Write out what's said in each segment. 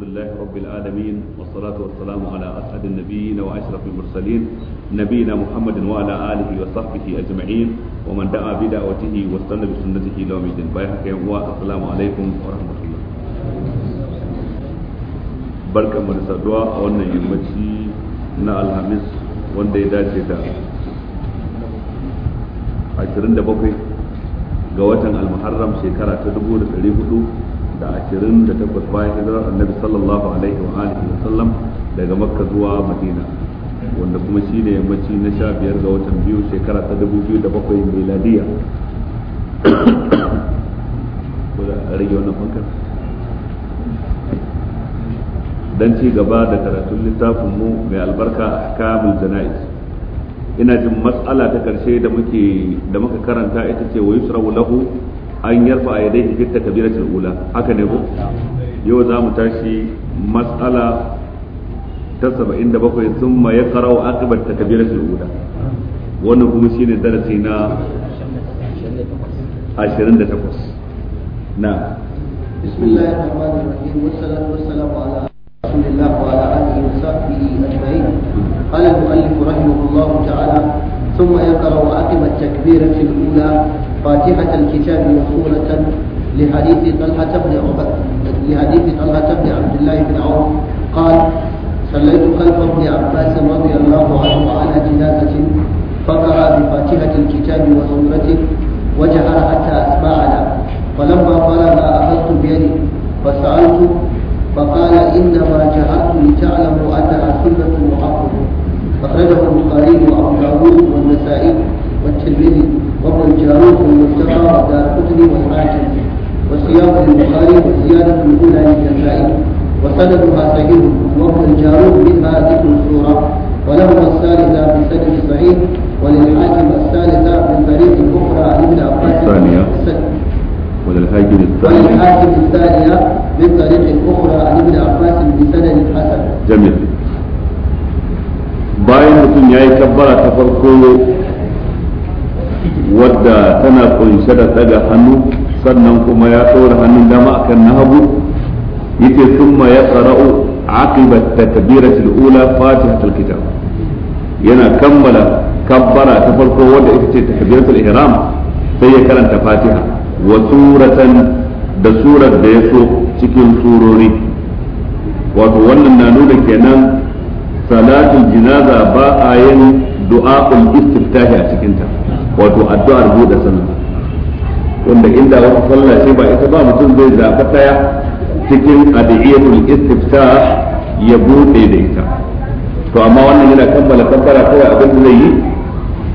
الحمد لله رب العالمين والصلاة والسلام على أسعد النبيين وأشرف المرسلين نبينا محمد وعلى آله وصحبه أجمعين ومن دعا بدعوته واستنى بسنته إلى يوم الدين بايحك السلام عليكم ورحمة الله بركة من الدعاء وأن يمشي نا الهمس وأن يدات 27 ga watan al-muharram shekara ta 1400 da ashirin da takwas bayan hijirar annabi sallallahu alaihi wa alihi wa sallam daga makka zuwa madina wanda kuma shi ne yammaci na sha biyar ga watan biyu shekara ta dubu biyu da bakwai miladiya rage wannan dan ci gaba da karatun littafin mu mai albarka a kamun janaiz ina jin matsala ta karshe da da muka karanta ita ce wa yusra lahu an yarfa a yadai fi takbiratul ula haka ne ko yau za mu tashi matsala ta 77 thumma yaqra'u aqibat takbiratul ula wannan kuma ne darasi na 28 na بسم الله الرحمن الرحيم والصلاة والسلام على رسول الله وعلى آله وصحبه أجمعين قال المؤلف رحمه الله تعالى ثم يقرأ عقب التكبيرة الأولى فاتحة الكتاب وسورة لحديث طلحة بن لحديث طلحة بن عبد الله بن عوف قال صليت خلف ابن عباس رضي الله عنه على جنازة فقرأ بفاتحة الكتاب وسورته وجهر حتى أسمعنا فلما فرغ أخذت بيدي فسألت فقال إنما جهرت لتعلموا أنها سنة محققة أخرجه البخاري وأبو داود والنسائي والترمذي وهو الجارود المشتقى دار قطني والحاكم وسياق البخاري وزيادة الأولى للنسائي وسندها صحيح وهو الجارود منها ذكر الصورة وله الثالثة من سجد الصحيح وللحاكم الثالثة من طريق أخرى عن ابن عباس الثانية وللحاكم الثانية وللحاكم الثانية من طريق أخرى عن ابن عباس بسند حسن جميل باين mutum ya yi kabbara wadda tana kunshe da daga hannu sannan kuma ya ɗora hannun dama akan na hagu yace thumma yaqra'u aqiba takbiratil ula ta kitab yana kammala kabbara ta farko wadda ita ce takbiratul ihram sai ya karanta fatiha wa suratan da surar da ya so cikin surori wato wannan na nuna kenan salatul jinaza ba a yin du'a'ul istiftahi a cikinta wato addu'ar buɗe sallah wanda inda wata sallah ce ba ita ba mutum zai zaɓa ɗaya cikin adiyatul istiftah ya buɗe da ita to amma wannan yana kammala kabbara kawai abin da zai yi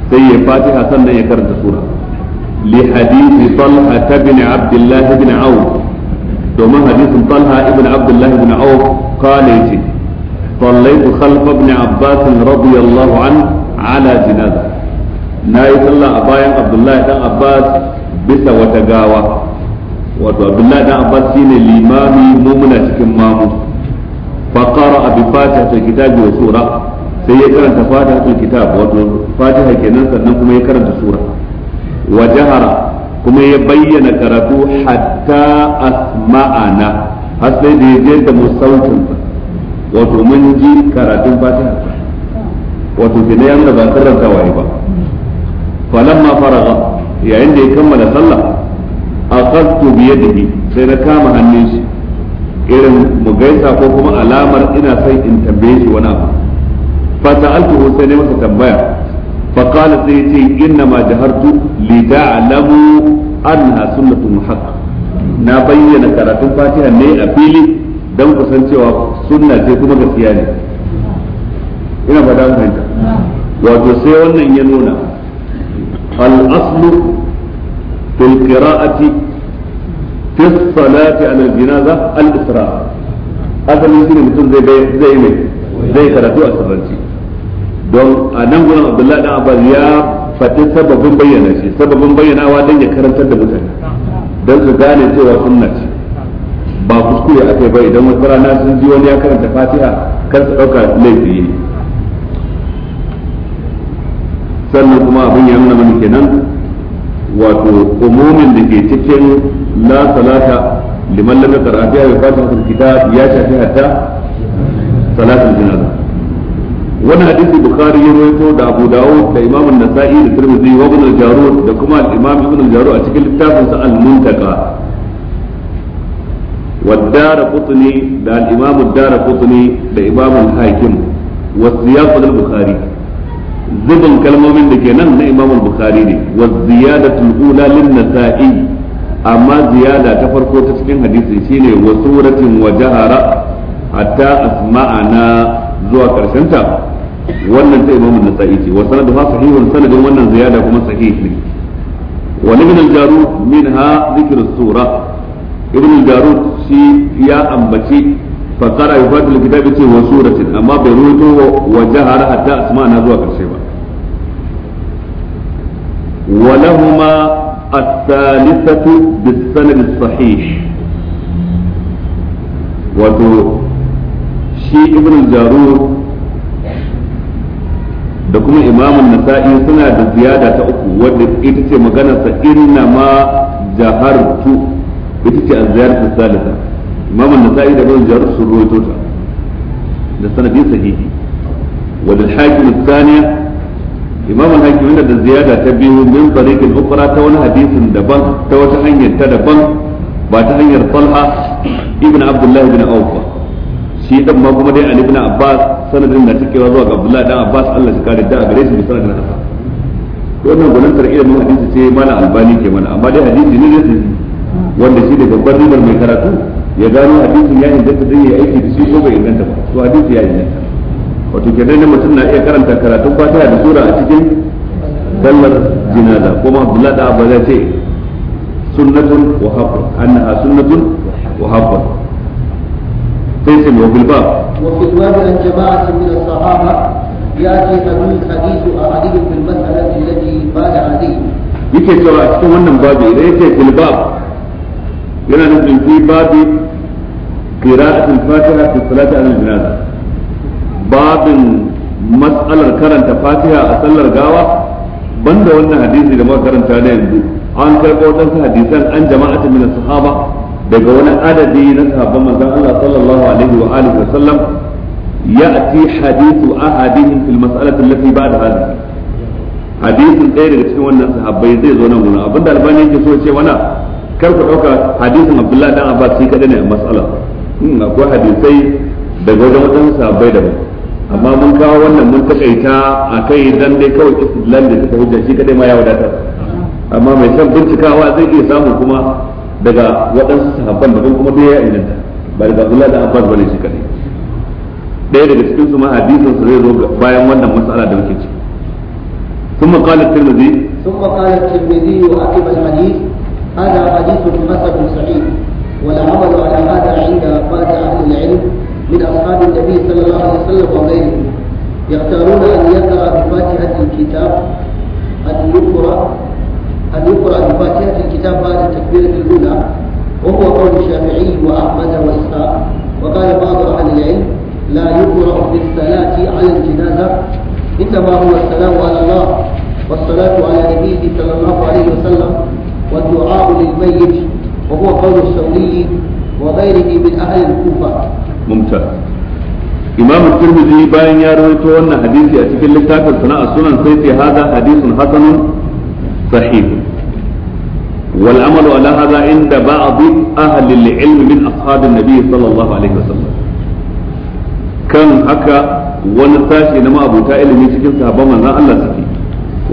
sai ya fatiha sannan ya karanta sura li hadisi talha ibn abdullah bin auf domin hadisin talha ibn abdullah ibn auf qala yace صليت خلف ابن عباس رضي الله عنه على جنازه na yi sallah a bayan abdullahi dan abbas bisa wata gawa wato abdullahi dan abbas shine limami mumuna cikin mamu fa a bi fatihatil kitabi wa sura sai ya karanta fatihatul kitab wato fatiha kenan sannan kuma ya karanta sura wa jahara kuma ya bayyana karatu hatta asma'ana har sai da ya je da musaukin wato mun ji karatun fatiha wato kenan ya nuna ba karanta waye ba falamma faraga yayin da ya kammala sallah akhadtu bi yadihi sai na kama hannun shi irin mu gaisa ko kuma alamar ina son in tambaye shi wani abu fa sa'altuhu sai ne masa tambaya fa qala sai yace inna ma jahartu li ta'lamu anha sunnatun haqq na bayyana karatun fatiha ne a fili dan kusancewa sunna ce kuma gaskiya ne ina fada mu wato sai wannan ya nuna الأصل في القراءة في الصلاة على الجنازة الإسراء أصل يسير مثل زي بي زي مي زي كراتو أسرانتي don a nan gurin abdullahi dan abbas ya fati sababin bayyana shi sababin bayyanawa don ya karantar da mutane don su gane cewa sunna ba kuskure aka yi ba idan wasu rana sun ji wani ya karanta fatiha kar su ɗauka laifi sannan kuma abin ya nuna mana kenan wato umumin da ke cikin la salata liman lam yaqra biha wa fatihatul kitab ya shafi hatta salatul janaza wannan hadisi bukhari ya rawaito da abu dawud da imam an-nasa'i da tirmidhi wa ibn al-jarud da kuma al-imam ibn al-jarud a cikin littafin sa al-muntaqa والدار قطني ده الإمام الدار قطني ده إمام الحاكم والسياق البخاري zubin kalmomin da ke nan na imam al-bukhari ne wa ziyadatul ula lin nasa'i amma ziyada ta farko ta cikin hadisi shine wa suratin wa jahara hatta asma'ana zuwa karshen ta wannan ta imam an-nasa'i ce wa sanadu sanaduha sahihun sanadin wannan ziyada kuma sahih ne wa ibn al-jarud minha dhikr as-sura ibn al shi ya ambaci fakara yufadul kitabi ce wa suratin amma bai ruwaito wa jahara hatta asma'ana zuwa karshen ولهما الثالثة بالسند الصحيح wato shi ibn jarur da kuma imamun nasa'i suna da ziyara ta uku wadda ita ce maganarsa inna ma ita ce a salisa imamun nasa'i da ibn jarur sun da sanadin sahihi wadda saniya imam al-hakim yana da ziyada ta biyu min tariqin ukhra ta wani hadisin daban ta wata hanyar ta daban ba ta hanyar talha ibn abdullah ibn auf shi dan ma kuma dai ali ibn abbas sanadin da take zuwa ga abdullah dan abbas Allah ya kare da gare shi sanadin hasan wannan gwanantar ilimin hadisi ce mana albani ke mana amma dai hadisi ne zai wanda shi da babbar mai karatu ya gano hadisin ya yi aiki da shi ko bai ba hadisi ya wato kenan ne mutum na iya karanta karatun fatiha da sura a cikin sallar jinaza kuma abdullahi da abba zai ce sunnatun wa haqqun annaha sunnatun wa haqqun sai sai wa bilba wa fi bab al jama'ati min as sahaba yati hadith hadith ahadith bil mas'alati allati ba'da hadith yake cewa a cikin wannan babu idan yake bilbab yana nufin fi babu qira'atul fatiha fi salati al jinaza babin matsalar karanta fatiha a sallar gawa banda wannan hadisi da muka karanta na yanzu an karɓo wadansu hadisan an jama'atin min sahaba daga wani adadi na sahabban manzon Allah sallallahu alaihi wa alihi wa sallam ya'ti hadithu ahadihim fil mas'alati allati ba'da hadhihi hadisin ɗaya daga cikin wannan sahabbai zai zo nan gurin abinda albani yake so ce wana kar ku ɗauka hadisin abdullahi dan abbas shi kadai ne a mas'ala hmm, akwai hadisai daga wajen wajen sahabbai daban amma mun kawo wannan mun takaita a kai dan dai kawai istidlal da ta hujja shi kadai ma ya wadatar amma mai san bincikawa zai iya samu kuma daga waɗansu sahabban da kuma da ya inganta ba daga Abdullah da Abbas bane shi kadai ɗaya daga cikin su ma hadisin su zai zo bayan wannan matsala da muke ciki ثم قال الترمذي ثم قال الترمذي وعقب الحديث هذا حديث مثل صحيح والعمل على هذا عند بعض اهل العلم من أصحاب النبي صلى الله عليه وسلم وغيره يختارون أن يقرأ بفاتحة الكتاب أن يقرأ أن يقرأ بفاتحة الكتاب بعد التكبيرة الأولى وهو قول الشافعي وأحمد وإسحاق وقال بعض أهل العلم لا يقرأ بالصلاة على الجنازة إنما هو السلام على الله والصلاة على نبيه صلى الله عليه وسلم والدعاء للميت وهو قول الثوري وغيره من أهل الكوفة mumtaz imam bayan ya rawaito wannan hadisi a cikin littafin sana'a sunan sai ce hada hadisun hasanun sahih wal amalu ala hada inda ba'd ahli al-ilm min ashabin nabi sallallahu alaihi wasallam kan haka wani sashi na ma'abuta ilimi cikin sahabban manzon Allah suke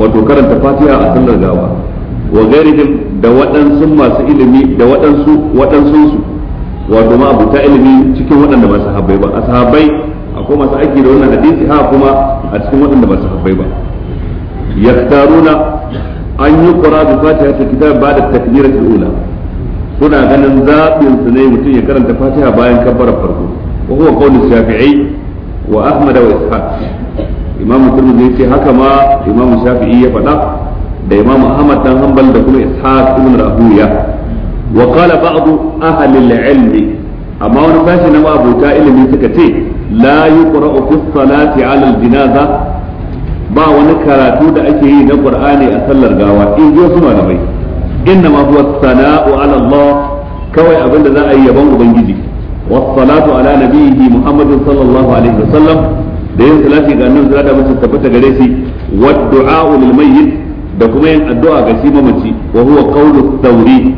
wato karanta fatiha a sallar gawa wa da waɗansu masu ilimi da waɗansu waɗansu wato ma abuta ilimi cikin waɗanda ba sahabbai ba a sahabbai akwai masu aiki da wannan hadisi ha kuma a cikin waɗanda ba sahabbai ba yaktaruna an yi qura bi fatiha ta kitab ba da takbira ula suna ganin zabin su ne mutum ya karanta fatiha bayan kabbar farko wa huwa qawlu shafi'i wa ahmad wa ishaq imamu turmudi yace haka ma Imam shafi'i ya faɗa da imam ahmad dan hanbal da kuma ishaq ibn rahuya wa qala ba'd ahli al-ilm amma wani bashi na mabuta ilimi suka ce la yuqra'u fi salati 'ala ba wani karatu da ake yi na qur'ani a sallar gawa in ji wasu malamai inna ma kawai abinda za a yi yaban ubangiji والصلاة على نبيه محمد صلى الله عليه وسلم da yin salati ga annabi sallallahu alaihi tabbata gare shi wa du'a lil mayyit da kuma yin addu'a ga shi mamaci wa huwa qawlu thawri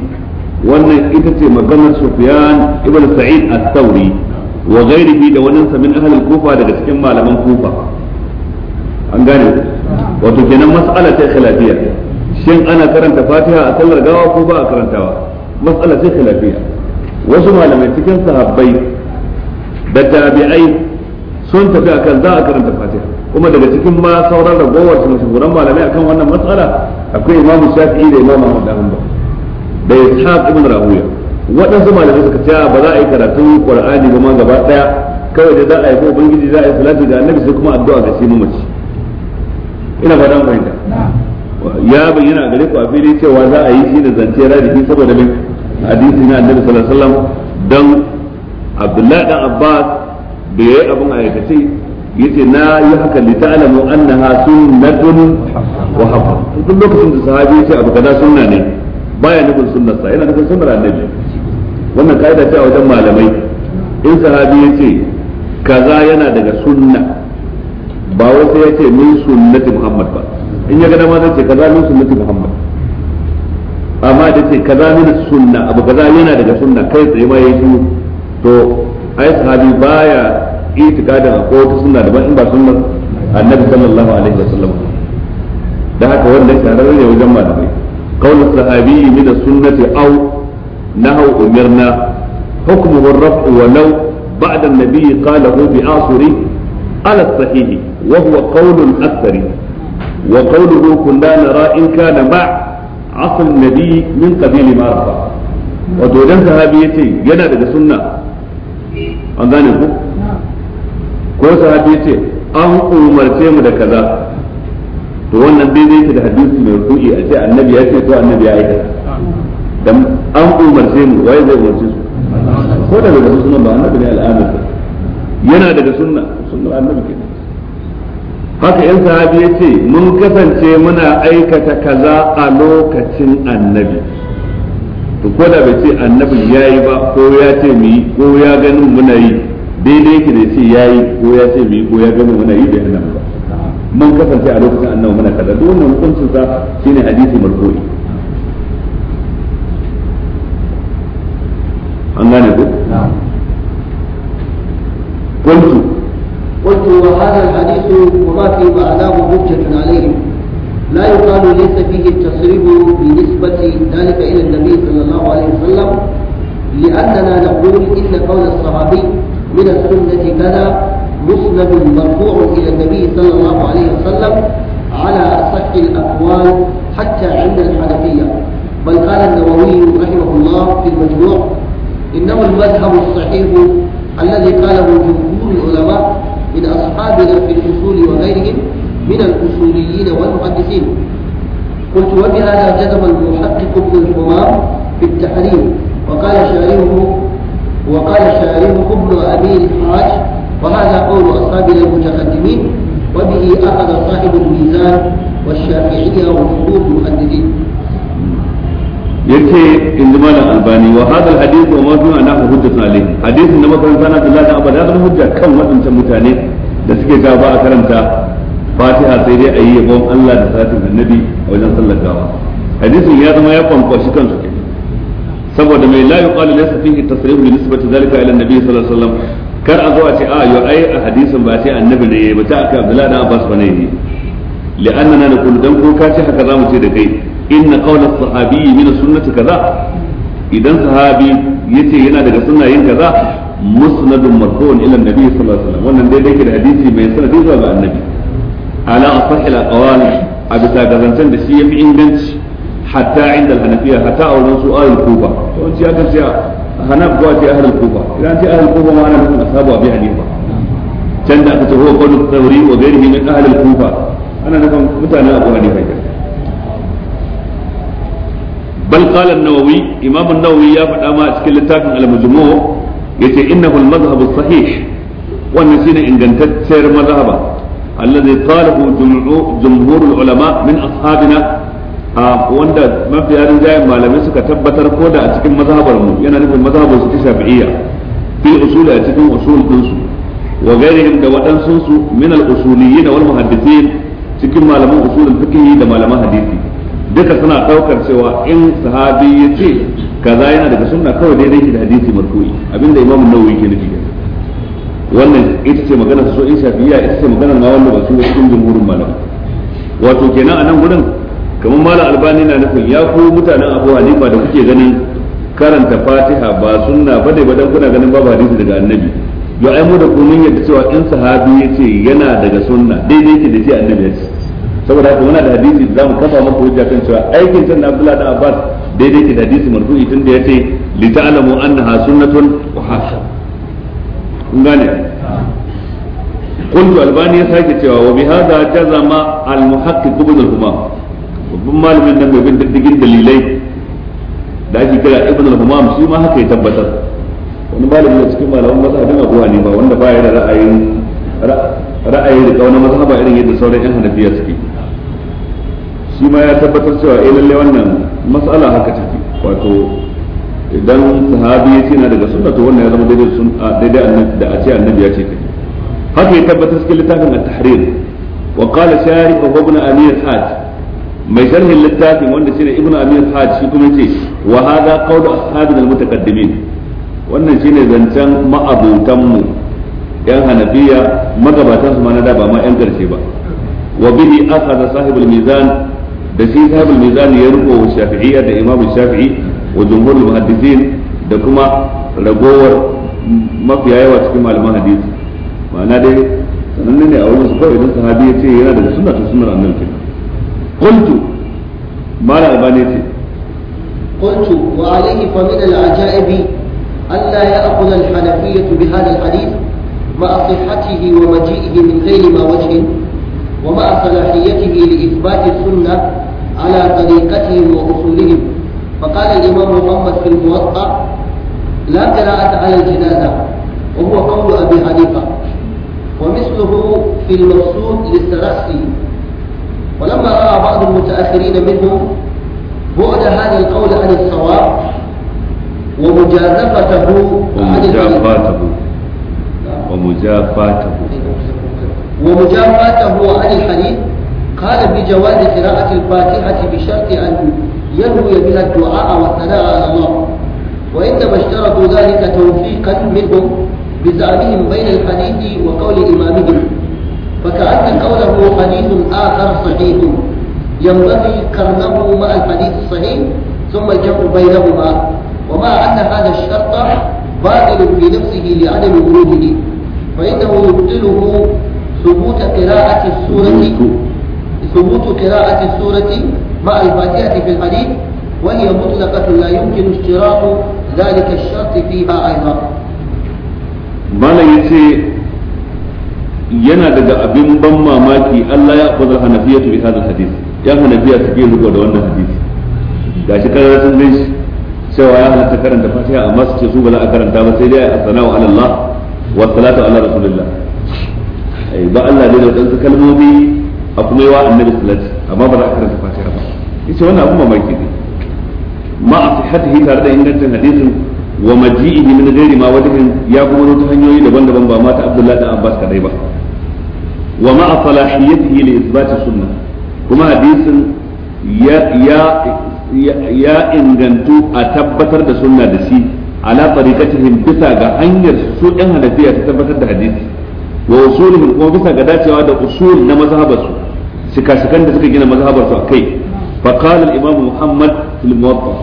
wannan ita ce maganar Sufyan ibn Sa'id al-Thawri wa ghairihi da wannan sa min ahli Kufa daga cikin malaman Kufa an gane wato kenan mas'ala ta khilafiyya shin ana karanta Fatiha a sallar gawa ko ba a karantawa mas'ala ta khilafiyya wasu malamai cikin sahabbai da tabi'ai sun tafi akan za a karanta Fatiha kuma daga cikin ma sauran ragowar su mashahuran malamai akan wannan mas'ala akwai Imam Shafi'i da Imam Ahmad bin da ishaq ibn rahuya waɗansu malamai suka ce ba za a yi karatun qur'ani ba ma gaba daya kawai da za a yi ko ubangiji za a yi salati ga annabi sai kuma addu'a ga shi mamaci ina fatan fahimta ya bayyana gare ku a fili cewa za a yi shi da zance radiki saboda min hadisi na annabi sallallahu alaihi wasallam dan abdullahi dan abbas bai yi abin aikace yace na yi haka li ta'lamu annaha sunnatun wa hafa duk lokacin da sahabi ya ce abu kaza sunna ne baya nufin sunnar sa yana nufin sunnar annabi wannan kaida ce a wajen malamai in sahabi ya ce kaza yana daga sunna ba wai sai ya ce min sunnati muhammad ba in ya gada ma zai ce kaza min sunnati muhammad amma da ce kaza min sunna abu kaza yana daga sunna kai tsaye ma yayi to ai sahabi baya itikadin ko wata sunna daban in ba sunnar annabi sallallahu alaihi wasallam da haka wannan tarar ne wajen malamai قول الصحابي من السنة أو نهوا أمرنا حكمه الرفع ولو بعد النبي قاله بآصري على الصحيح وهو قول أكثر وقوله كنا نرى إن كان مع عصر النبي من قبيل ما رفع وتوجد صحابيتي ينا لدى سنة an gane ku ko sahabi ce an umarce mu da kaza to wannan daidai ke da hadisi mai ruku'i a ce annabi ya ce ko annabi ya aikata dan an umarce mu wai zai umarce su ko da daga sunna ba annabi ne al'adar yana daga sunna sunna annabi ke haka yan sahabi ya ce mun kasance muna aikata kaza a lokacin annabi to ko da bai ce annabi ya yi ba ko ya ce mu yi ko ya ganin muna yi daidai ke da ce ya yi ko ya ce mu yi ko ya ganin muna yi bai annabi من كفر في lokacin annabi من kaza duk wannan hukuncin sa حديث hadisi عن an نعم قلت قلت وهذا الحديث وما في معناه حجة عليهم لا يقال ليس فيه التصريب بنسبة ذلك إلى النبي صلى الله عليه وسلم لأننا نقول إن قول الصحابي من السنة كذا مسند مرفوع إلى النبي صلى الله عليه وسلم على أصح الأقوال حتى عند الحنفية بل قال النووي رحمه الله في المجموع إنه المذهب الصحيح الذي قاله جمهور العلماء من أصحابنا في الأصول وغيرهم من الأصوليين والمحدثين قلت وبهذا جذب المحقق ابن الحمام في التحريم وقال شاعره وقال شاعره ابن أبي الحاج وهذا قول أصحابنا المتقدمين وبه أخذ صاحب الميزان والشافعية وجمهور المؤندين yace in ji malam albani wa hadal hadith wa ma fi ana hujjatun alayhi hadisin da makaranta na Abdullahi da Abada da hujja kan waɗancan mutane da suke ga ba a karanta Fatiha sai dai ayi yabon Allah da satin annabi a wajen sallar gawa hadisin ya zama ya kwankwashi kansu saboda mai la yuqalu laysa fihi tasrih bi nisbati zalika ila annabi sallallahu alaihi wasallam kar a zo a ce a ah, yo ai a hadisin ba sai annabi ne yayi ba ta aka Abdullah dan Abbas bane yayi na naqulu dan ko ka ce haka za mu ce da kai inna qawla sahabi min sunnati kaza idan sahabi yace yana daga sunna yin kaza musnadun marfu'un ila annabi sallallahu alaihi wasallam wannan daidai ke da hadisi mai sanadi zuwa ga annabi ala asahil aqwal a bisa ga zancen da shi ya fi inganci hatta inda al-hanafiya hatta a wurin su ahlul kufa yawanci aka ce hanaf a ce ahlul kufa ta ce ahlul kufa ma ana nufin ashabu abi hanifa can da aka ce huwa qawlu thawri wa ghayrihi min ahlul kufa ana nufin mutanen abu hanifa bal qala an-nawawi imam an-nawawi ya faɗa ma a cikin littafin al mujmu yace innahu al-madhhab as-sahih wannan shine ingantacciyar mazhaba alladhi qalahu jumhur al-ulama min ashabina wanda mafiya rinjayen malamai suka tabbatar ko da a cikin mazhabar mu yana nufin mazhabar su ta shafi'iyya bil usul a cikin usul din da waɗansu su min al usuliyyin wal muhaddisin cikin malaman usulul fiqh da malaman hadisi duka suna daukar cewa in sahabi ya ce kaza yana daga sunna kawai daidai shi da hadisi marfu'i abinda imam nawawi ke nufi wannan ita ce magana su so in shafiya ita ce magana ma wanda ba su cikin jumhurin malamai wato kenan a nan gurin kamar malam albani na nufin ya mutanen abu hanifa da kuke gani. karanta fatiha ba sunna ne ba dan kuna ganin babu hadisi daga annabi yo ai mu da ku mun yadda cewa in sahabi yace yana daga sunna daidai yake da shi annabi ya ce saboda haka muna da hadisi za mu kafa muku hujja kan cewa aikin sunna Abdullah da Abbas daidai yake da hadisi marfu'i tunda yace li ta'lamu annaha sunnatun wa hasan kun gane kuntu albani ya sake cewa wa bihadha jazama al-muhaqqiq ibn al-humam babban malamin nan mai bin diddigin dalilai da ake kira ibn al-humam shi ma haka ya tabbatar wani malami da cikin malaman mazhabin abu hanifa wanda baya da ra'ayin ra'ayi da kauna mazhaba irin yadda sauran yan hanafiya suke shi ma ya tabbatar cewa eh lalle wannan mas'ala haka take wato idan sahabi ya ce na daga sunna to wannan ya zama daidai sunna daidai annabi da a ce annabi ya ce take haka ya tabbatar cikin littafin at-tahrir wa qala sharif ibn amir hajj mai sharhin littafin wanda shine ibnu amir haj shi kuma yace wa hadha qawlu ashabina almutaqaddimin wannan shine zancen ma'abutan mu yan hanabiya magabatan su ma na da ba ma yan karshe ba wa bihi akhadha sahibul mizan da shi sahibul mizan ya riko shafi'iyya da imam shafi'i wa jumhurul muhaddisin da kuma ragowar mafiya yawa cikin malaman hadisi ma'ana dai sananne ne a wurin su kawai idan sahabi ya ce yana daga sunna to sunnar annabi قلت ما لا أبانيتي قلت وعليه فمن العجائب ألا يأخذ الحنفية بهذا الحديث مع صحته ومجيئه من غير ما وجه ومع صلاحيته لإثبات السنة على طريقتهم وأصولهم فقال الإمام محمد في الموطأ لا قراءة على الجنازة وهو قول أبي حنيفة ومثله في المقصود للسرخسي ولما رأى بعض المتأخرين منهم بعد هذا القول عن الصواب ومجازفته ومجافاته نعم. ومجافاته ومجافاته عن الحديث قال بجواز قراءة الفاتحة بشرط أن ينوي بها الدعاء والثناء على الله وإنما اشترطوا ذلك توفيقا منهم بزعمهم بين الحديث وقول إمامهم فكأن قوله حديث آخر صحيح ينبغي قرنه مع الحديث الصحيح ثم الجمع بينهما ومع أن هذا الشرط باطل في نفسه لعدم وروده فإنه يبطله ثبوت قراءة السورة ثبوت قراءة السورة مع الفاتحة في الحديث وهي مطلقة لا يمكن اشتراط ذلك الشرط فيها أيضا. ما لا yana daga abin ban mamaki Allah ya fadar hanafiya bi da hadis ya hanafiya suke riko da wannan hadisi gashi karar sun gan shi cewa ya halatta karanta fatiha amma su ce su ba za a karanta ba sai dai as-sana'u ala Allah wa salatu ala rasulillah ai ba Allah dai da wadansu kalmomi a kuma yi yawa annabi salati amma ba za a karanta fatiha ba yace wannan abin mamaki ne ma a sihhatihi tare da ingancin hadisin wa maji'ihi min ghairi ma wajhin ya kuma ta hanyoyi daban-daban ba ma ta Abdullahi da Abbas kadai ba wa ma'a salahiyatihi li isbati sunna kuma hadisin ya ingantu a tabbatar da sunna da shi ala tariqatihim bisa ga hanyar su ɗan hanafiya ta tabbatar da hadisi wa usulihim kuma bisa ga dacewa da usul na mazhabarsu shika-shikan suka gina mazhabarsu akai fa qala al Muhammad fil muwatta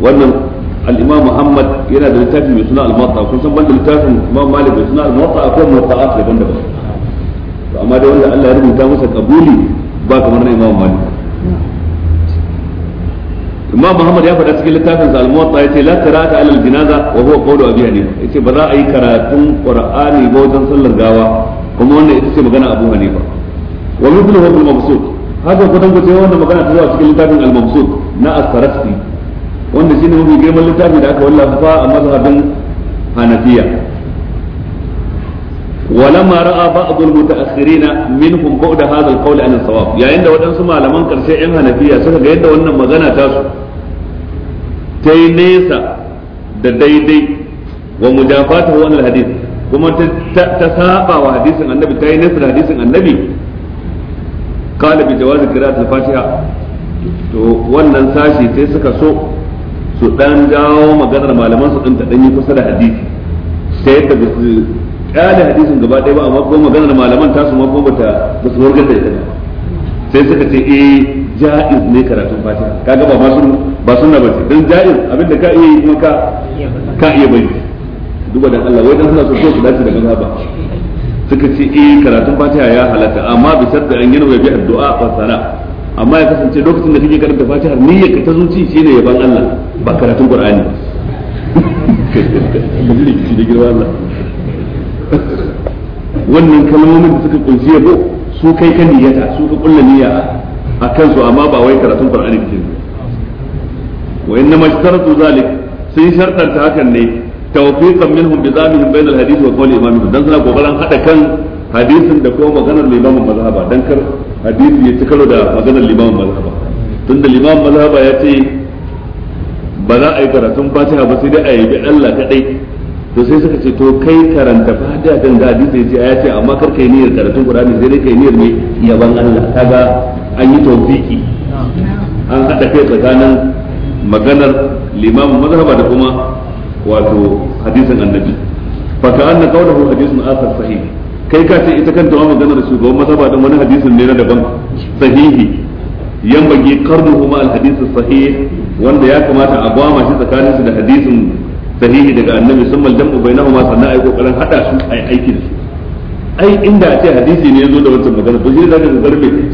wannan al Muhammad yana da littafi mai suna kun san littafin to amma dai wanda Allah ya rubuta masa kabuli ba kamar na Imam Malik Imam Muhammad ya faɗa cikin littafin sa al-Muwatta yace la qira'ata 'ala al-janaza wa huwa qawlu Abi Hanifa yace ba za a yi karatun Qur'ani ba wajen sallar gawa kuma wanda ita ce magana Abu Hanifa wa mithluhu bil mabsuut haka ko ku cewa wanda magana ta zuwa cikin littafin al mabsuut na as-Sarasti wanda shine mafi girman littafin da aka wallafa a mazhabin Hanafiya ولما راى بعض المتاخرين منهم بعد هذا القول عن الصواب yayin da waɗansu malaman karshe yan hanafiya suka ga yadda wannan magana ta su ta yi nesa da daidai wa mudafatahu an alhadith kuma ta saba wa hadisin annabi ta yi nesa da hadisin annabi qala bi jawaz qira'at al-fatiha to wannan sashi sai suka so su dan jawo maganar malaman su din ta dan yi kusa da hadisi sai yadda kada hadisin gaba ɗaya ba amma ko maganar malaman tasu ma ko bata ba su wargar da ita sai suka ce eh ja'iz ne karatun fatiha kaga ba ma sun ba na bace dan ja'iz abinda ka iya yi kuma ka ka iya bai duba da Allah wai dan suna so so su dace da mazhaba suka ce eh karatun fatiha ya halatta amma bi sarda an yi nawa bi addu'a wa sala amma ya kasance lokacin da kake karanta fatiha niyyar ka ta zuci shine yaban Allah ba karatun qur'ani da girman Allah wannan kalmomin da suka kunshi yabo su kai ka niyyata su ka kulla niyya a kansu amma ba wai karatun Qur'ani kike wa inna mashtaratu zalik sun ta hakan ne tawfiqan minhum bi zamihim bain al-hadith wa qawli imamihim dan suna kokarin hada kan hadisin da kuma maganar limamin mazhaba dan kar hadisi ya ci karo da maganar limamin mazhaba tunda limamin mazhaba ya ce ba za a yi karatun fatiha ba sai dai a yabi Allah kadai to sai suka ce to kai karanta fatiha kan da hadisi yace ya ce amma kar kai niyyar karatun qur'ani sai dai kai niyyar mai yaban Allah kaga an yi tawfiki an hada kai tsakanin maganar limamin mazhaba da kuma wato hadisin annabi fa ka anna qawluhu hadisun akhar sahih kai ka ce ita kanta maganar shugaban mazhaba din wani hadisin ne na daban sahihi yan qarnuhu ma al hadith sahih wanda ya kamata a gwama shi tsakanin da hadisin sahihi daga annabi sun maljan bai na ma sannan ai kokarin hada su ai aiki da su ai inda ce hadisi ne yazo da wancan magana to shi da zaka zargar me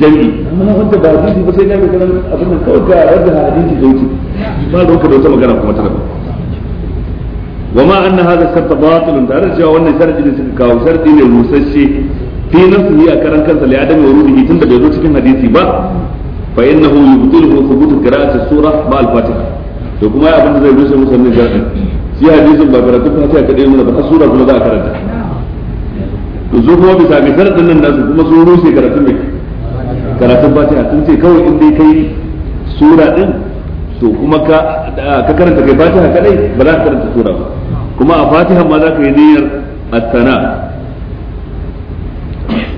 jami'i amma wanda ba hadisi ba sai da magana abin nan kawai ga wanda hadisi da wuce ba da wata wata magana kuma ta daban وما أن هذا الشرط باطل تعرف cewa wannan sharadi ne suka kawo sharadi ne rusasshe fi nafsihi a karan kansa li adami wurudihi tunda bai zo cikin hadisi ba fa innahu yubtiluhu thubutu qira'ati sura ba al-fatiha to kuma abin da zai rusa musannin jarɗin shi hadisin ba karatu ba ce kaɗai mana ba har sura kuma za a karanta to zo kuma bisa ga sharaɗin nan nasu kuma sun rushe karatun mai karatun fatiha sun ce kawai in dai kai sura din to kuma ka ka karanta kai fatiha kadai ba za ka karanta sura ba kuma a fatiha ma za ka yi niyyar at-tana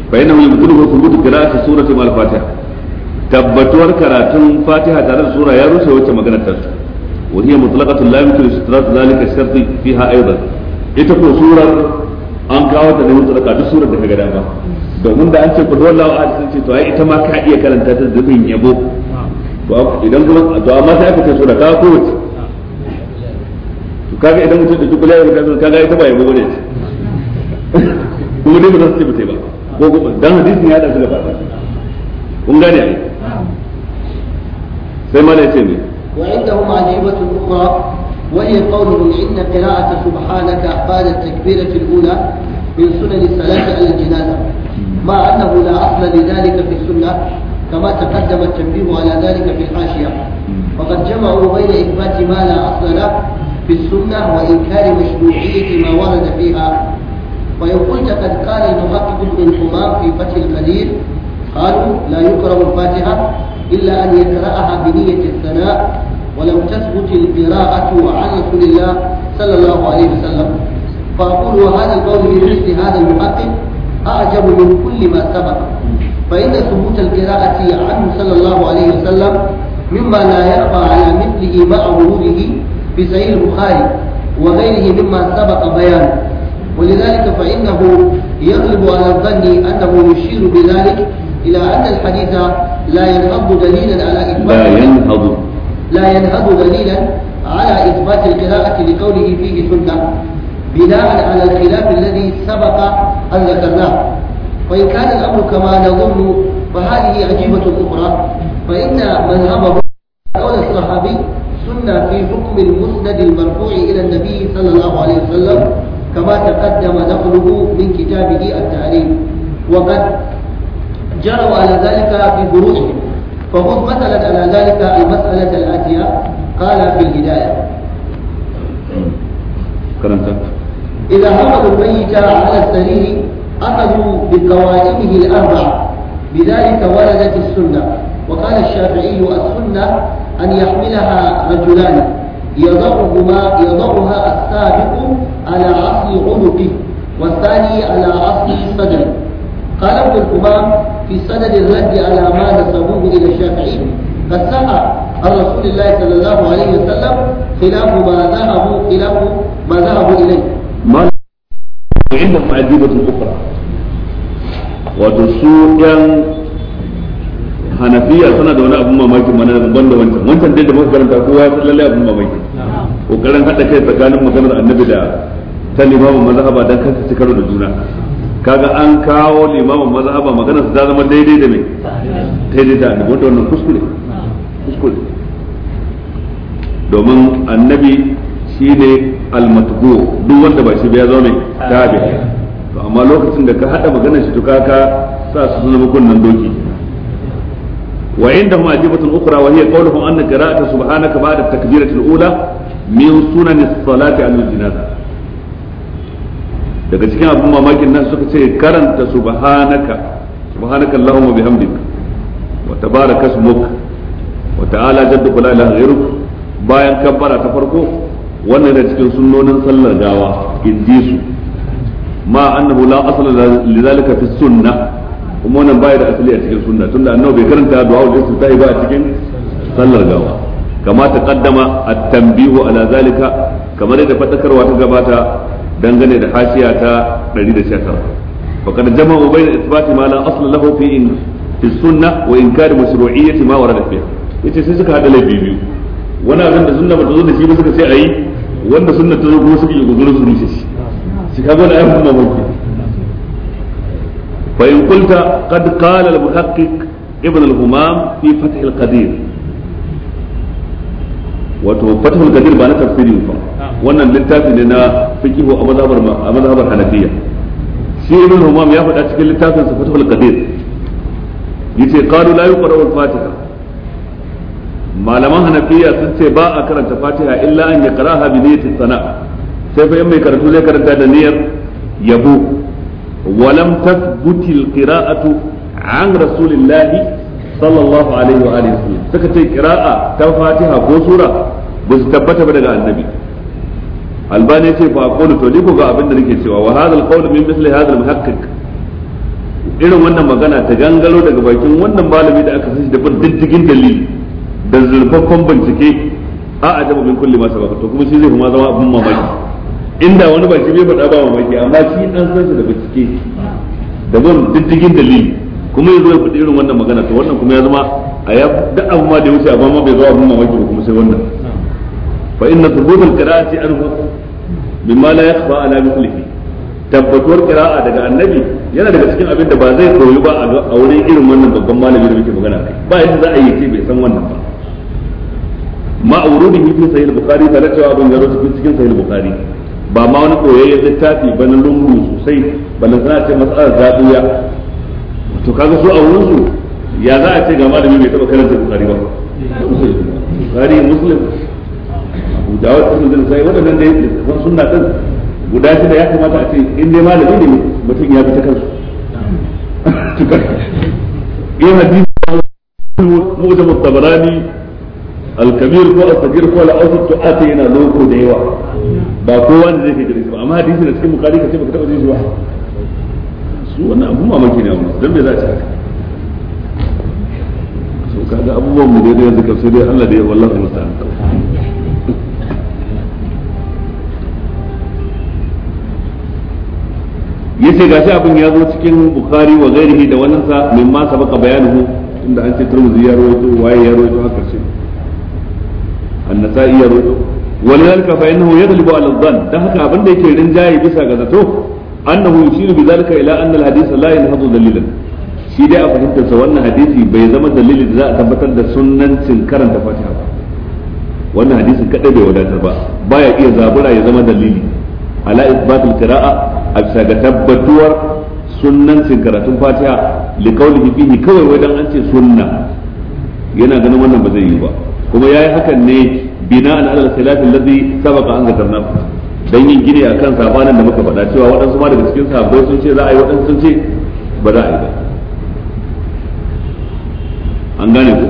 fa yana mai gudu ko kun gudu qira'atu ma al fatiha tabbatuwar karatun fatiha tare da sura ya rushe wacce maganar ta وهي مطلقة لا يمكن اشتراط ذلك الشرط فيها أيضا ita ko surar an kawo ta da mutlaka duk surar da ka gada ba domin da an ce kudu wallahu ahad sun ce to ai ita ma ka iya karanta ta da bin yabo to idan kuma to amma da duk ya rubuta ita ba yabo bane kuma dai ba za su ce ba ko kuma dan hadisin ya da su gaba kun gane وعندهم عجيبة أخرى وهي قوله إن قراءة سبحانك بعد التكبيرة الأولى من سنن الصلاة على الجنازة مع أنه لا أصل لذلك في السنة كما تقدم التنبيه على ذلك في الحاشية وقد جمعوا بين إثبات ما لا أصل له في السنة وإنكار مشروعية ما ورد فيها وإن قلت قد قال المحقق بن في فتح القدير قالوا لا يقرأ الفاتحة إلا أن يقرأها بنية الثناء ولم تثبت القراءة عن رسول الله صلى الله عليه وسلم فأقول وهذا القول لمثل هذا المحقق أعجب من كل ما سبق فإن ثبوت القراءة عنه صلى الله عليه وسلم مما لا يخفى على مثله مع وروده في صحيح البخاري وغيره مما سبق بيانه ولذلك فإنه يغلب على الظن أنه يشير بذلك إلى أن الحديث لا ينهض دليلا على إثبات لا ينهض لا ينهض دليلا على إثبات القراءة لقوله فيه سنة بناء على الخلاف الذي سبق أن ذكرناه وإن كان الأمر كما نظن فهذه عجيبة أخرى فإن مذهبه قول الصحابي سنة في حكم المسند المرفوع إلى النبي صلى الله عليه وسلم كما تقدم نقله من كتابه التعليم وقد جروا على ذلك في بروحهم فخذ مثلا على ذلك المسألة الآتية قال في الهداية إذا حملوا الميت على السرير أخذوا بقوائمه الأربعة بذلك ولدت السنة وقال الشافعي السنة أن يحملها رجلان يضعهما يضعها السابق على عصي عنقه والثاني على عصي صدره قال ابن الأمام في سند الرد على ما نسبوه إلى الشافعي قد صح عن الله صلى الله عليه وسلم خلاف ما ذهبوا خلاف ما ذهبوا إليه ما عندهم أجوبة أخرى وتسوء hanafiya suna da wani abin mamaki mana ban da wancan wancan dai da muka karanta kowa ya san lalle abin mamaki kokarin hada kai tsakanin maganar annabi da ta limamin mazhaba dan kanta ci karo da juna kaga an kawo limamin mazhaba magana su ta zama daidai da mai daidai da annabi wanda wannan kuskure kuskure domin annabi shine almatbu duk wanda ba shi ba ya zo mai tabi to amma lokacin da ka hada magana shi to kaka sa su zama kunnan doki wa indahum ajibatun ukhra wa hiya qawluhum anna qira'ata subhanaka ba'da takbiratul ula min sunanis salati al-janaza daga cikin abin mamakin nan suka ce karanta subhanaka subhanaka allahumma bihamdik wa tabaraka ismuk wa ta'ala jaddu la ilaha ghayruk bayan kabbara ta farko wannan da cikin sunnonin sallar gawa in ji su ma annahu la asla lidhalika fi sunna kuma wannan baya da asali a cikin sunna tunda annabi bai karanta du'a da istiftahi ba a cikin sallar gawa kama ta kaddama at-tanbihu ala zalika kamar da fadakarwa ta gabata dangane da hashiya ta 119 faqad jama'u bayna isbati ma la asla lahu fi in fi sunnah wa inkar mashru'iyyati ma warada fiha yace sai suka hada laifi biyu wani abin da sunna bata zo da shi ba suka ce ayi wanda sunna ta zo kuma suka yi guzurin su rushe shi shi kaga wani ayyukan mamaki fa in qulta qad qala al-muhaqqiq ibn al-humam fi fath al-qadir wato fathul gadir ba na tafsiri ba wannan littafi ne na fiqihu a mazhabar a mazhabar hanafiya shi ibn humam ya faɗa cikin littafin sa fathul gadir yace qalu la yuqra'u al-fatiha malaman hanafiya sun ce ba a karanta fatiha illa an yaqra'aha bi niyyati sana sai fa mai karatu zai karanta da niyyar yabo ولم تثبت القراءة عن رسول sallallahu alaihi wa alihi wasallam suka ce qira'a ta fatiha ko sura ba su tabbata ba daga annabi albani ce fa aqulu to ni ko ga abin da nake cewa wa hadha alqawl min mithli hadha almuhaqqiq irin wannan magana ta gangalo daga bakin wannan malami da aka sashi da bin diddigin dalili da zurfaffen bincike a ajaba min kulli ma sabaka to kuma shi zai kuma zama abin mamaki inda wani baki bai faɗa ba mamaki amma shi dan san shi da bincike da bin diddigin dalili kuma yanzu ya fadi irin wannan magana to wannan kuma ya zama a ya da abu ma da wuce amma ma bai zo abun mamaki ba kuma sai wannan fa inna thubut al-qira'ati anhu bima la yakhfa ala mithlihi tabbatuwar qira'a daga annabi yana daga cikin abin da ba zai koyi ba a wurin irin wannan babban malami da muke magana kai ba yadda za a yi ce bai san wannan ba ma aurudi fi sahih bukhari da la cewa abin garo cikin cikin sahih bukhari ba ma wani koyayyen littafi ba na lungu sosai balan sana ce mas'alar zabiya to kaga su a wurin ya za a ce ga malami bai taba karanta bukari ba bukari muslim abu dawud ibn zan sai wadannan dai san sunna din guda da ya kamata a ce in dai malami ne mutum ya bi ta kansu in hadisi mujam at-tabarani al ko al ko al-awsat yana loko da yawa ba kowa ne zai kai ba hadisi na cikin su wannan abu mamaki ne amma don me za a ci haka so kaga abubuwan mu daidai yanzu kafin dai Allah da ya wallahi Ya yace gashi abin ya zo cikin bukhari wa ghairihi da wannan sa ma sabaka bayanuhu inda an ce turmuzi ya rawaito waye ya rawaito haka ce annasai ya rawaito ولذلك فإنه يغلب على الظن ده هكا أبن ده يكي رنجاي بسا غزتو annahu yushiru bi zalika ila anna al-hadith la yanhadu shi dai a fahimtar sa wannan hadisi bai zama dalili da za a tabbatar da sunnancin karanta fatiha ba wannan hadisin kadai bai wadatar ba baya iya zabura ya zama dalili ala isbatul qira'a a bisa ga tabbatuwar sunnancin karatun fatiha li qawlihi fihi kawai wai dan an ce sunna yana ganin wannan ba zai yi ba kuma yayi hakan ne bina'an ala al-khilaf alladhi sabaqa an zakarnahu dan yin gini akan sabanin da muka faɗa cewa waɗansu ma daga cikin sabbai sun ce za a yi waɗansu sun ce ba za a yi ba an gane ku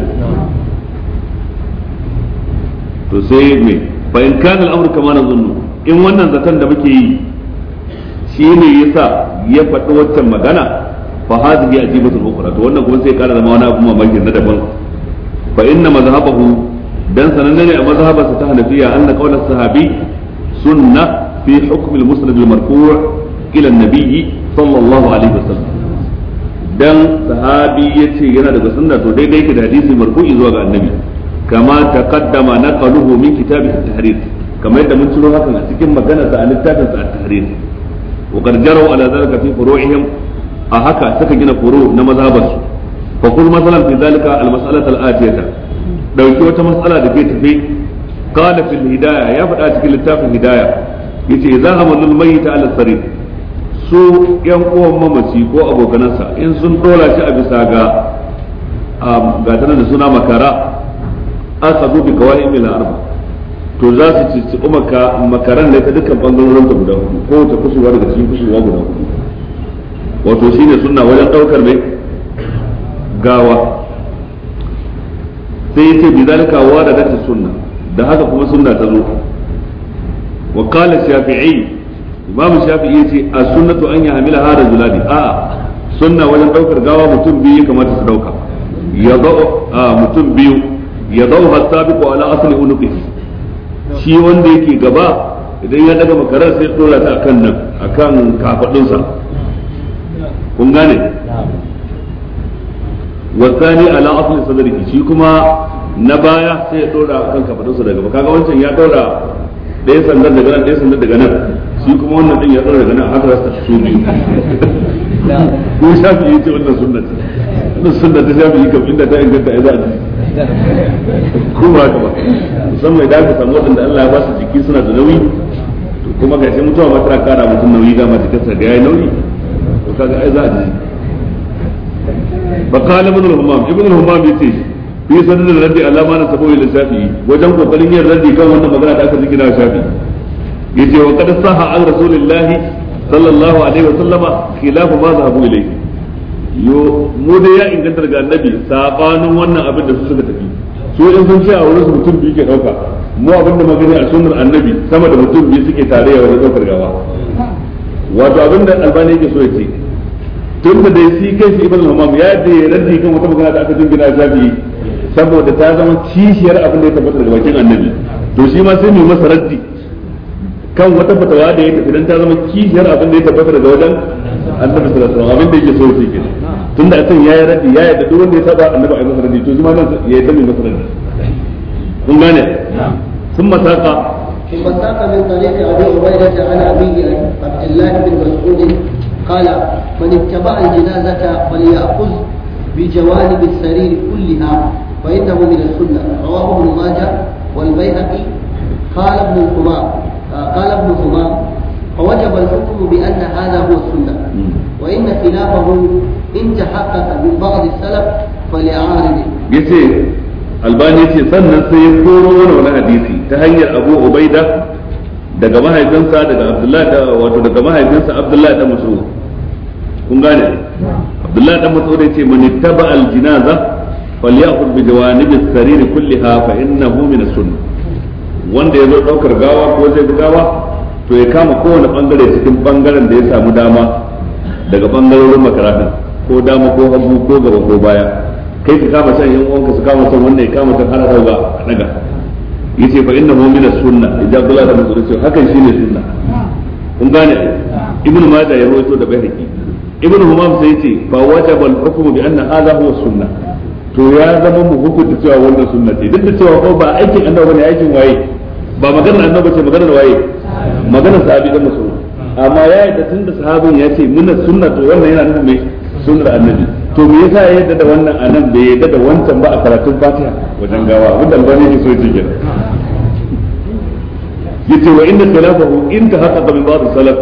to sai me fa in kana al'amur kama na zunnu in wannan zaton da muke yi shi ne yasa ya faɗi waccan magana fa hadhihi ajibatul ukhra to wannan kuma sai kara zama wani abu mamakin na daban fa inna mazhabahu dan sananne ne a mazhabarsa ta hanafiya anna qawla sahabi السنة في حكم المسند المرفوع إلى النبي صلى الله عليه وسلم dan sahabi ya ce yana daga sunna to daidai ke da hadisi marfu'i zuwa ga annabi kama taqaddama naqaluhu min kitabi at-tahrir kamar yadda mun ciro hakan a cikin magana sa a littafin sa at-tahrir wa qad ala zalika fi furu'ihim a haka suka gina furu na mazhabar su fa kul masalan fi zalika al-mas'alatu al-atiyata dauki wata mas'ala da ke tafi qala fil hidaya ya faɗa cikin littafin hidaya yace za hamalul mayyit ala sarir su yan uwan mamaci ko abokanansa in sun dora shi a bisa ga ga tana da suna makara asabu bi kawai mil arba to za su ci ci umaka makaran ne ta dukkan bangarorin ta guda hudu ko ta kusurwa daga cikin kusurwa guda hudu wato shine sunna wajen daukar mai gawa sai yace bi zalika wa da sunna da haka kuma sunna ta zo wa qala shafi'i imam shafi'i yace as-sunnatu an yahmila hada julani a sunna wajen daukar gawa mutum biyu ya kamata su dauka ya a mutum biyu ya dau hasabiqu ala asli unuqihi shi wanda yake gaba idan ya daga makarar sai dora ta akan nan akan kafadunsa kun gane wasani ala asli sadrihi shi kuma na baya sai ya dora kan kafadunsa daga ba kaga wancan ya dora ɗaya sandar daga nan ɗaya sandar daga nan shi kuma wannan ɗin ya dora daga nan haka rasta su biyu ko shafi yi ce wannan sunna ce wannan sunna ta shafi yi kafin da ta inganta ya za a ko ba haka ba musamman idan aka samu waɗanda Allah ya ba su jiki suna da nauyi to kuma ga sai mutuwa ba ta kara mutum nauyi dama jikinsa da ya yi nauyi to kaga ai za a ji فقال ابن الهمام ابن الهمام يتيش fi da raddi alama na sabo ila shafi wajen kokarin yin raddi kan wannan magana da aka zikira shafi'i yace wa qad saha an rasulillahi sallallahu alaihi wa sallama khilafu ma zahabu ilayhi yo mu da ya inganta daga annabi sabanin wannan abin da su suka tafi su in sun ce a wurin su mutum biyu ke dauka mu abin da magani a sunnar annabi sama da mutum biyu suke a wajen daukar gawa wato abin da albani yake so ya ce tun da dai shi kai shi ibn al-hamam ya da raddi kan wata magana da aka jingina shafi saboda ta zama cishiyar abin da ya tabbata daga bakin annabi to shi ma sai mai masa raddi kan wata fatawa da ya tafi dan ta zama cishiyar abin da ya tabbata daga wajen annabi sallallahu alaihi abin da yake so shi kenan tunda a can yayi raddi duk wanda ya saba annabi a masa raddi to shi ma nan ya yi mai masa raddi kun gane ثم ساق ثم ساق من طريق ابي عبيده عن ابيه عبد الله بن مسعود قال من اتبع الجنازه فليأخذ بجوانب السرير كلها فإنه من السنة رواه ابن ماجه والبيهقي قال ابن الحمام قال ابن الحمام فوجب الحكم بأن هذا هو السنة وإن خلافه إن تحقق من بعض السلف فلعارضه yace albani ce sannan sai ya koro wani hadisi ta hanyar abu ubaida daga mahaifinsa daga abdullahi da wato daga mahaifinsa abdullahi da mas'ud kun gane abdullahi da mas'ud yace man ittaba falyakhud bi jawanib as-sarir kulliha fa innahu min as-sunnah wanda yazo daukar gawa ko zai bi gawa to ya kama kowane ɓangare cikin ɓangaren da ya samu dama daga bangarorin makaratan ko dama ko hagu ko gaba ko baya kai ka kama san yan uwanka su kama san wannan ya kama san hana hauga a daga yace fa innahu min as-sunnah idan kula da ce hakan shine sunna kun gane ibnu majah ya rawaito da bai baihaqi ibnu humam sai yace fa wajaba al-hukmu bi anna hadha huwa sunnah to ya zama mu hukunta cewa wannan sunna ce duk da cewa ko ba aikin annabi bane aikin waye ba maganar annabi ce maganar waye maganar sahabi dan musulmi amma ya yadda tun da sahabin ya ce muna sunna to wannan yana nuna mai sunnar annabi to me yasa ya yadda da wannan anan bai yadda da wancan ba a karatun fatiha wajen gawa wanda bane ne so yake kenan yace wa inda khilafahu in ta haka min ba'd salaf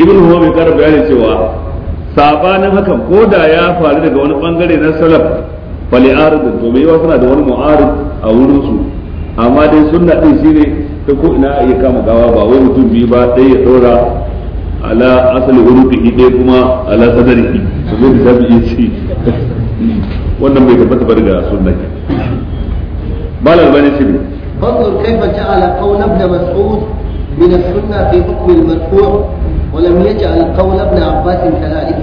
ibnu huwa bai kara bayani cewa sabanin hakan ko da ya faru daga wani bangare na salaf fali arid to mai yawa suna da wani mu'arid a wurin su amma dai sunna din shi ne ta ko ina ya kama gawa ba wai mutum biyu ba dai ya dora ala asali hurufi ɗaya kuma ala sadari to zai da ya shi wannan bai tabbata ba daga sunna ke malal bane shi ne mas'ud كيف جعل قول fi hukm al السنة wa lam yaj'al ولم ibn abbas ابن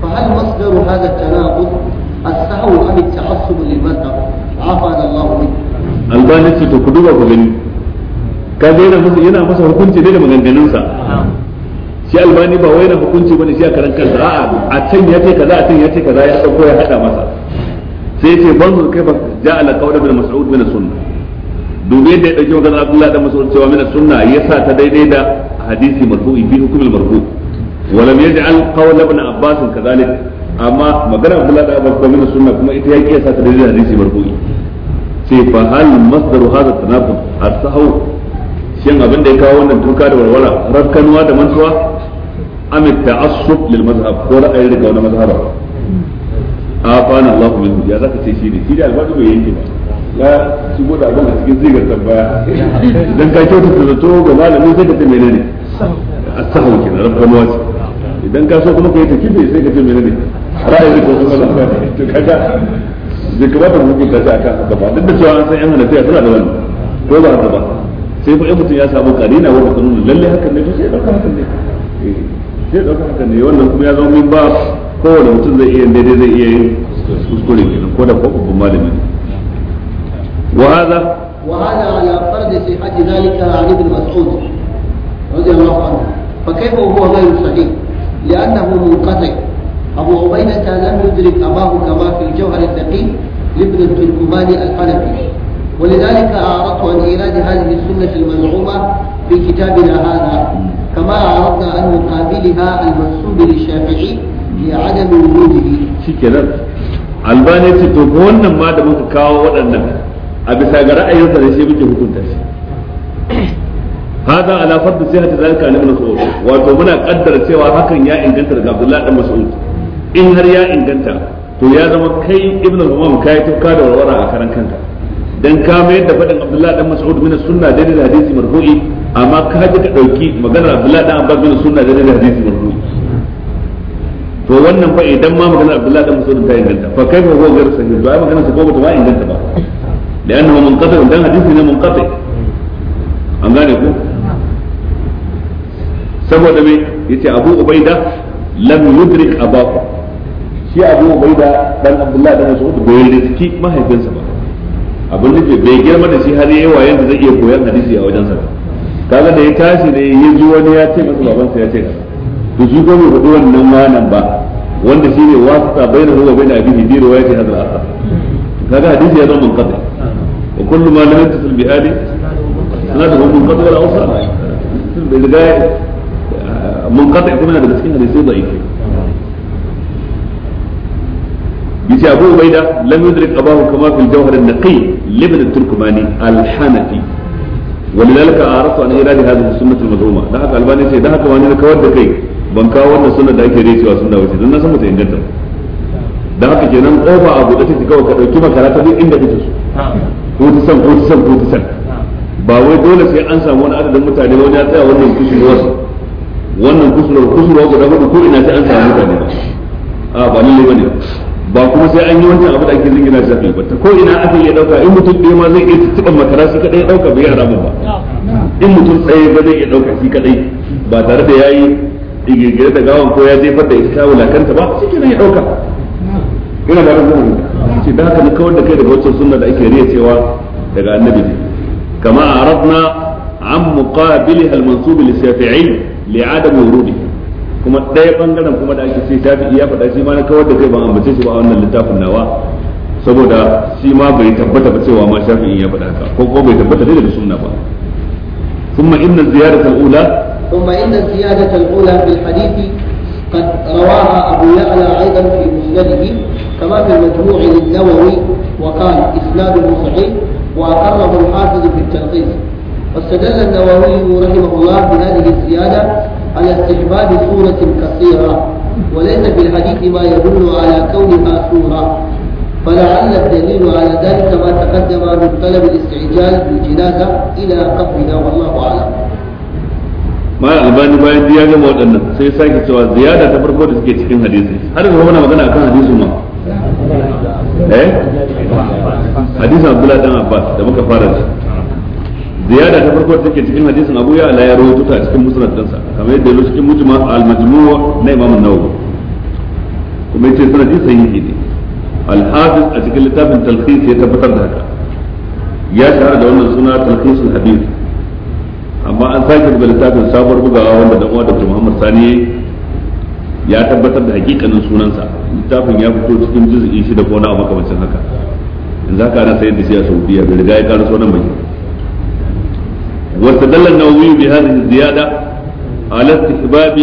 fa hal masdar hadha هذا tanaqud as-sahwu an albani ce to ku ku gani ka yana masa hukunci ne da maganganun albani ba wai yana hukunci bane shi a karan kansa a can ya ce kaza a can ya ce kaza ya dauko ya hada masa sai ya ce banzu kaifa ja'ala qawla bil mas'ud min as ya dauki cewa ta daidai da hadisi marfu'i fi hukm al-marfu' ولم يجعل قول ابن عباس كذلك amma magana kula da Abbas komai da sunna kuma ita ya sa ta da hadisi marfu'i sai fa hal masdaru hadha tanaqud as-sahw shin abin da ya kawo wannan tuka da walwala rakkanuwa da mantuwa am ta'assub lil mazhab ko ra'ayi daga wani mazhaba afana Allah minhu ya zaka ce shi ne shi da albadu bai yanke ba ya shigo da abin a cikin zigar tambaya idan ka kyautata zato ga malamin sai ka ce menene as-sahw kenan rakkanuwa ce idan ka so kuma ka yi takibi sai ka ce mene ne ra'ayi ko sunan ka to kaga bai kamata mu hukunta ta akan haka ba duk da cewa an san yan hanafiya suna da wannan ko ba haka ba sai fa in mutum ya samu kari na wa mutum lalle hakan ne to sai dauka hakan ne eh, sai dauka hakan ne wannan kuma ya zama min ba kowane mutum zai iya daidai zai iya yin kuskure kenan ko da ko babban malami ne wa hadha wa hadha ala fard sihhati dhalika ali ibn mas'ud رضي الله عنه فكيف وهو غير صحيح لأنه منقطع أبو عبيدة لم يدرك أباه كما في الجوهر الثقيل لابن التركماني الحنفي ولذلك أعرضت عن إيراد هذه السنة المزعومة في كتابنا هذا كما أعرضنا عن مقابلها المنسوب للشافعي لعدم وجوده شكرا albani ce to ga wannan ma da muka kawo waɗannan a bisa ga ra'ayinsa da shi muke hukunta shi hada ala fadl sihhat zalika an ibn mas'ud wato muna kaddara cewa hakan ya inganta daga Abdullah dan in har ya inganta to ya zama kai ibn Umam kai tufka da warwara a karan kanka dan ka mayar da fadin Abdullah dan Mas'ud min da da hadisi amma ka ka dauki maganar Abdullah dan Abbas min da to wannan fa idan ma maganar Abdullah dan ta inganta fa kai ba go gar sahih to ai maganar sa ko ba inganta ba لأنه منقطع ده حديث منقطع أن ku. saboda me yace abu ubaida lam yudrik abaka shi abu ubaida dan abdullah dan mas'ud bai riski mahaifinsa ba abin da bai girma da shi har yayi wa yanda zai iya koyan hadisi a wajensa ba kaga da ya tashi ne ya ji wani ya ce masa babansa ya ce ka to shi ko bai faɗi wannan wanan ba wanda shi ne wasa baina huwa baina abihi bi riwayati hadha al-athar kaga hadisi ya mun kada wa kullu ma lam yattasil bi ali sanadu munqati wal awsal bai mun munqati kuma daga cikin hadisi da yake yace Abu Ubaida lam yudrik abahu kama fil jawhar an-naqi libn at-turkmani al-hanafi ولذلك أعرفت أن إيراد هذه السنة المزعومة ده حق ألباني شيء ده حق وانا كوار ده كي ban kawo wannan sunna da ake recewa sunna wace don na san mata inganta da haka kenan kofa a buɗe take kawai ka dauki makara ta duk inda kake so ko ta san ko ta san ko ta san ba wai dole sai an samu wani adadin mutane wani ya tsaya wannan kishi wasu wannan kusurwa kusurwa guda hudu ko ina sai an samu mutane a ba lalle bane ba kuma sai an yi wancan abu da ake zingina ba ko ina aka iya dauka in mutum ɗaya ma zai iya tuttuɓa makara shi kadai dauka bai yara ba in mutum tsaye ba zai iya dauka shi ba tare da yayi da gawan ko ya jefar da ita ta wulakanta ba shi kenan ya dauka ina da razan ce da haka ne kawar da kai daga wancan sunna da ake riya cewa daga annabi kama aradna an muqabiliha al-mansub li shafi'i li'adamu wurudi kuma ɗaya bangaren kuma da ake ce shafi'i ya faɗa shi ma na kawar da kai ban ambace shi ba a wannan littafin nawa saboda shi ma bai tabbata ba cewa ma shafi'i ya faɗa haka ko ko bai tabbata dai da sunna ba ثم إن الزيادة الأولى ثم إن الزيادة الأولى في الحديث قد رواها أبو يعلى أيضا في مسنده كما في المجموع للنووي وقال إسناده صحيح وأقره الحافظ في التلخيص واستدل النووي رحمه الله بهذه الزيادة على استحباب سورة قصيرة وليس في الحديث ما يدل على كونها سورة فلعل الدليل على ذلك ما تقدم من طلب الاستعجال بالجنازة إلى قبرنا والله أعلم ما albani bayan ya gama waɗannan sai sake cewa ziyada ta farko da suke cikin hadisi har yanzu muna magana akan hadisi ma eh hadisin Abdullah dan Abbas da muka fara ziyada ta farko take cikin hadisin Abu ya Ya'la ya rawaito ta cikin musnad dinsa kamar yadda yake cikin mujma al-majmu' na Imam an-Nawawi kuma yace sanadi sahihi ne al-hafiz a cikin littafin talkhis ya tabbatar da haka ya shahara da wannan suna talkhis al-hadith amma an sake buga littafin sabuwar bugawa wanda dan uwa Dr. Muhammad Sani ya tabbatar da hakikanin sunansa littafin ya fito cikin juz'i shida ko na makamancin haka yanzu haka ana sayar da shi a Saudiya bai riga ya karaso nan ba واستدل النووي بهذه الزيادة على استحباب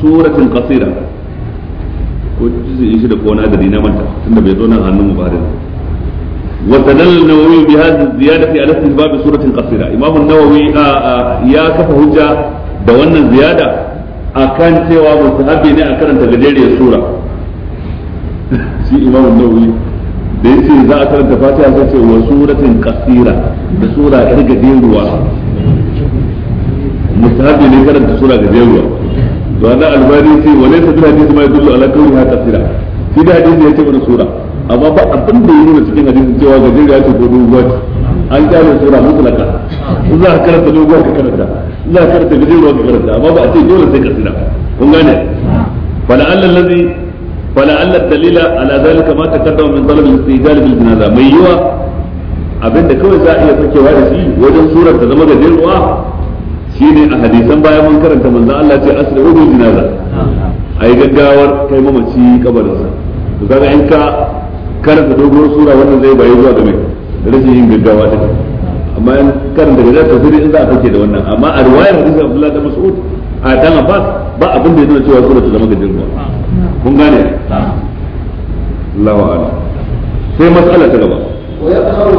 سورة قصيرة وجزء يشد كون هذا دينا مانتا تند بيتونا هانو مبارد واستدل النووي بهذه الزيادة على استحباب سورة قصيرة إمام النووي آآ آآ يا كف هجة دوانا زيادة أكان سوى مستحبي ne a karanta gajeriyar sura shi imamun nauyi da yace za a karanta fatiha sai ce wa suratin kasira da sura yar gajeruwa musahabi ne karanta sura ga gajeruwa to ana albani ce wa ta bil hadisi ma yadullu ala kawniha qasira shi da hadisi ya ce wani sura amma ba abin da ya nuna cikin hadisin cewa ga gajeruwa ce ko doguwa ce an kyale sura mutlaka in za ka karanta doguwa ka karanta in za ka karanta gajeruwa ka karanta amma ba a ce dole sai kasira kun gane فلعل الذي فلعل الدليل على ذلك ما تقدم من طلب الاستئجال بالجنازه mai yiwa abinda kawai za a iya fakewa da shi wajen surar ta zama gajeruwa shi ne a hadisan bayan mun karanta manzo Allah ce asli bil jinaza ai gaggawar kai mamaci kabarinsa to kaga in ka karanta dogon sura wannan zai bayyana zuwa ga mai rashin yin gaggawa ta amma in karanta da zaka firi in za a fake da wannan amma a riwayar hadisi Abdullahi da Mas'ud a dan Abbas ba abin da ya nuna cewa sura ta zama gajin ruwa kun gane Allahu a'lam sai mas'ala ta gaba wa ya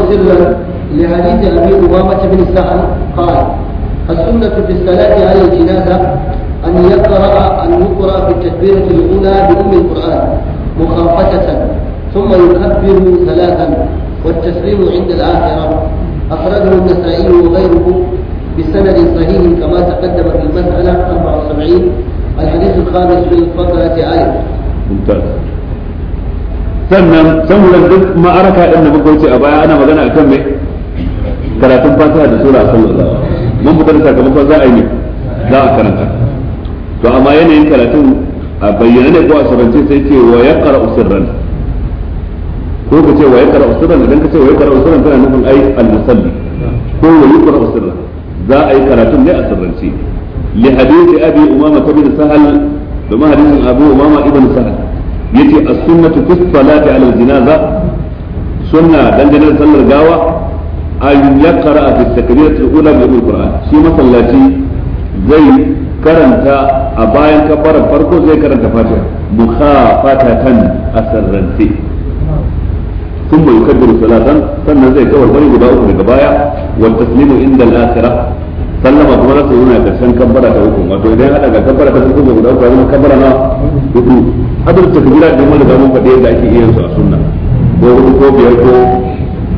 sirran li سرا al ابي امامه بن سعد qala السنة في الصلاة على الجنازة أن يقرأ أن يقرأ في التكبيرة الأولى بأم القرآن مخافتة ثم يكبر ثلاثا والتسليم عند الآخرة أخرجه النسائي وغيره بسند صحيح كما تقدم في المسألة 74 الحديث الخامس في الفضلة آية ممتاز san sannan duk ma'araka ɗin da muka wuce a baya ana magana kan mai karatun fatiha da sura sallallahu alaihi mun fitar da sakamakon za a yi ne za a karanta to amma yanayin karatun a bayyana ne ko a sabance sai ce wa ya kara usirran ko ka ce wa ya kara usirran idan ka ce wa ya kara usirran tana nufin ai al-musalli ko wa ya kara usirran za a yi karatun ne a sarrance li hadisi abi umama bin sahal domin hadisin abu umama ibn sahal yace as-sunnatu fi salati ala al-janaza sunna dangane da sallar gawa an ya kara a takbiratul ula bi alquran shi masallaci zai karanta a bayan kafarar farko zai karanta fatiha a mukhafatatan asarrante ثم يكبر salatan sannan zai kawar bari guda uku daga baya wal taslimu inda al-akhirah sallama kuma na tsoro na san kabbara ta uku wato idan hada ga kabbara ta uku guda uku zama kabbara na hudu hadar takbira da mun da mun faɗi yadda ake iya su a sunna ko hudu ko biyar ko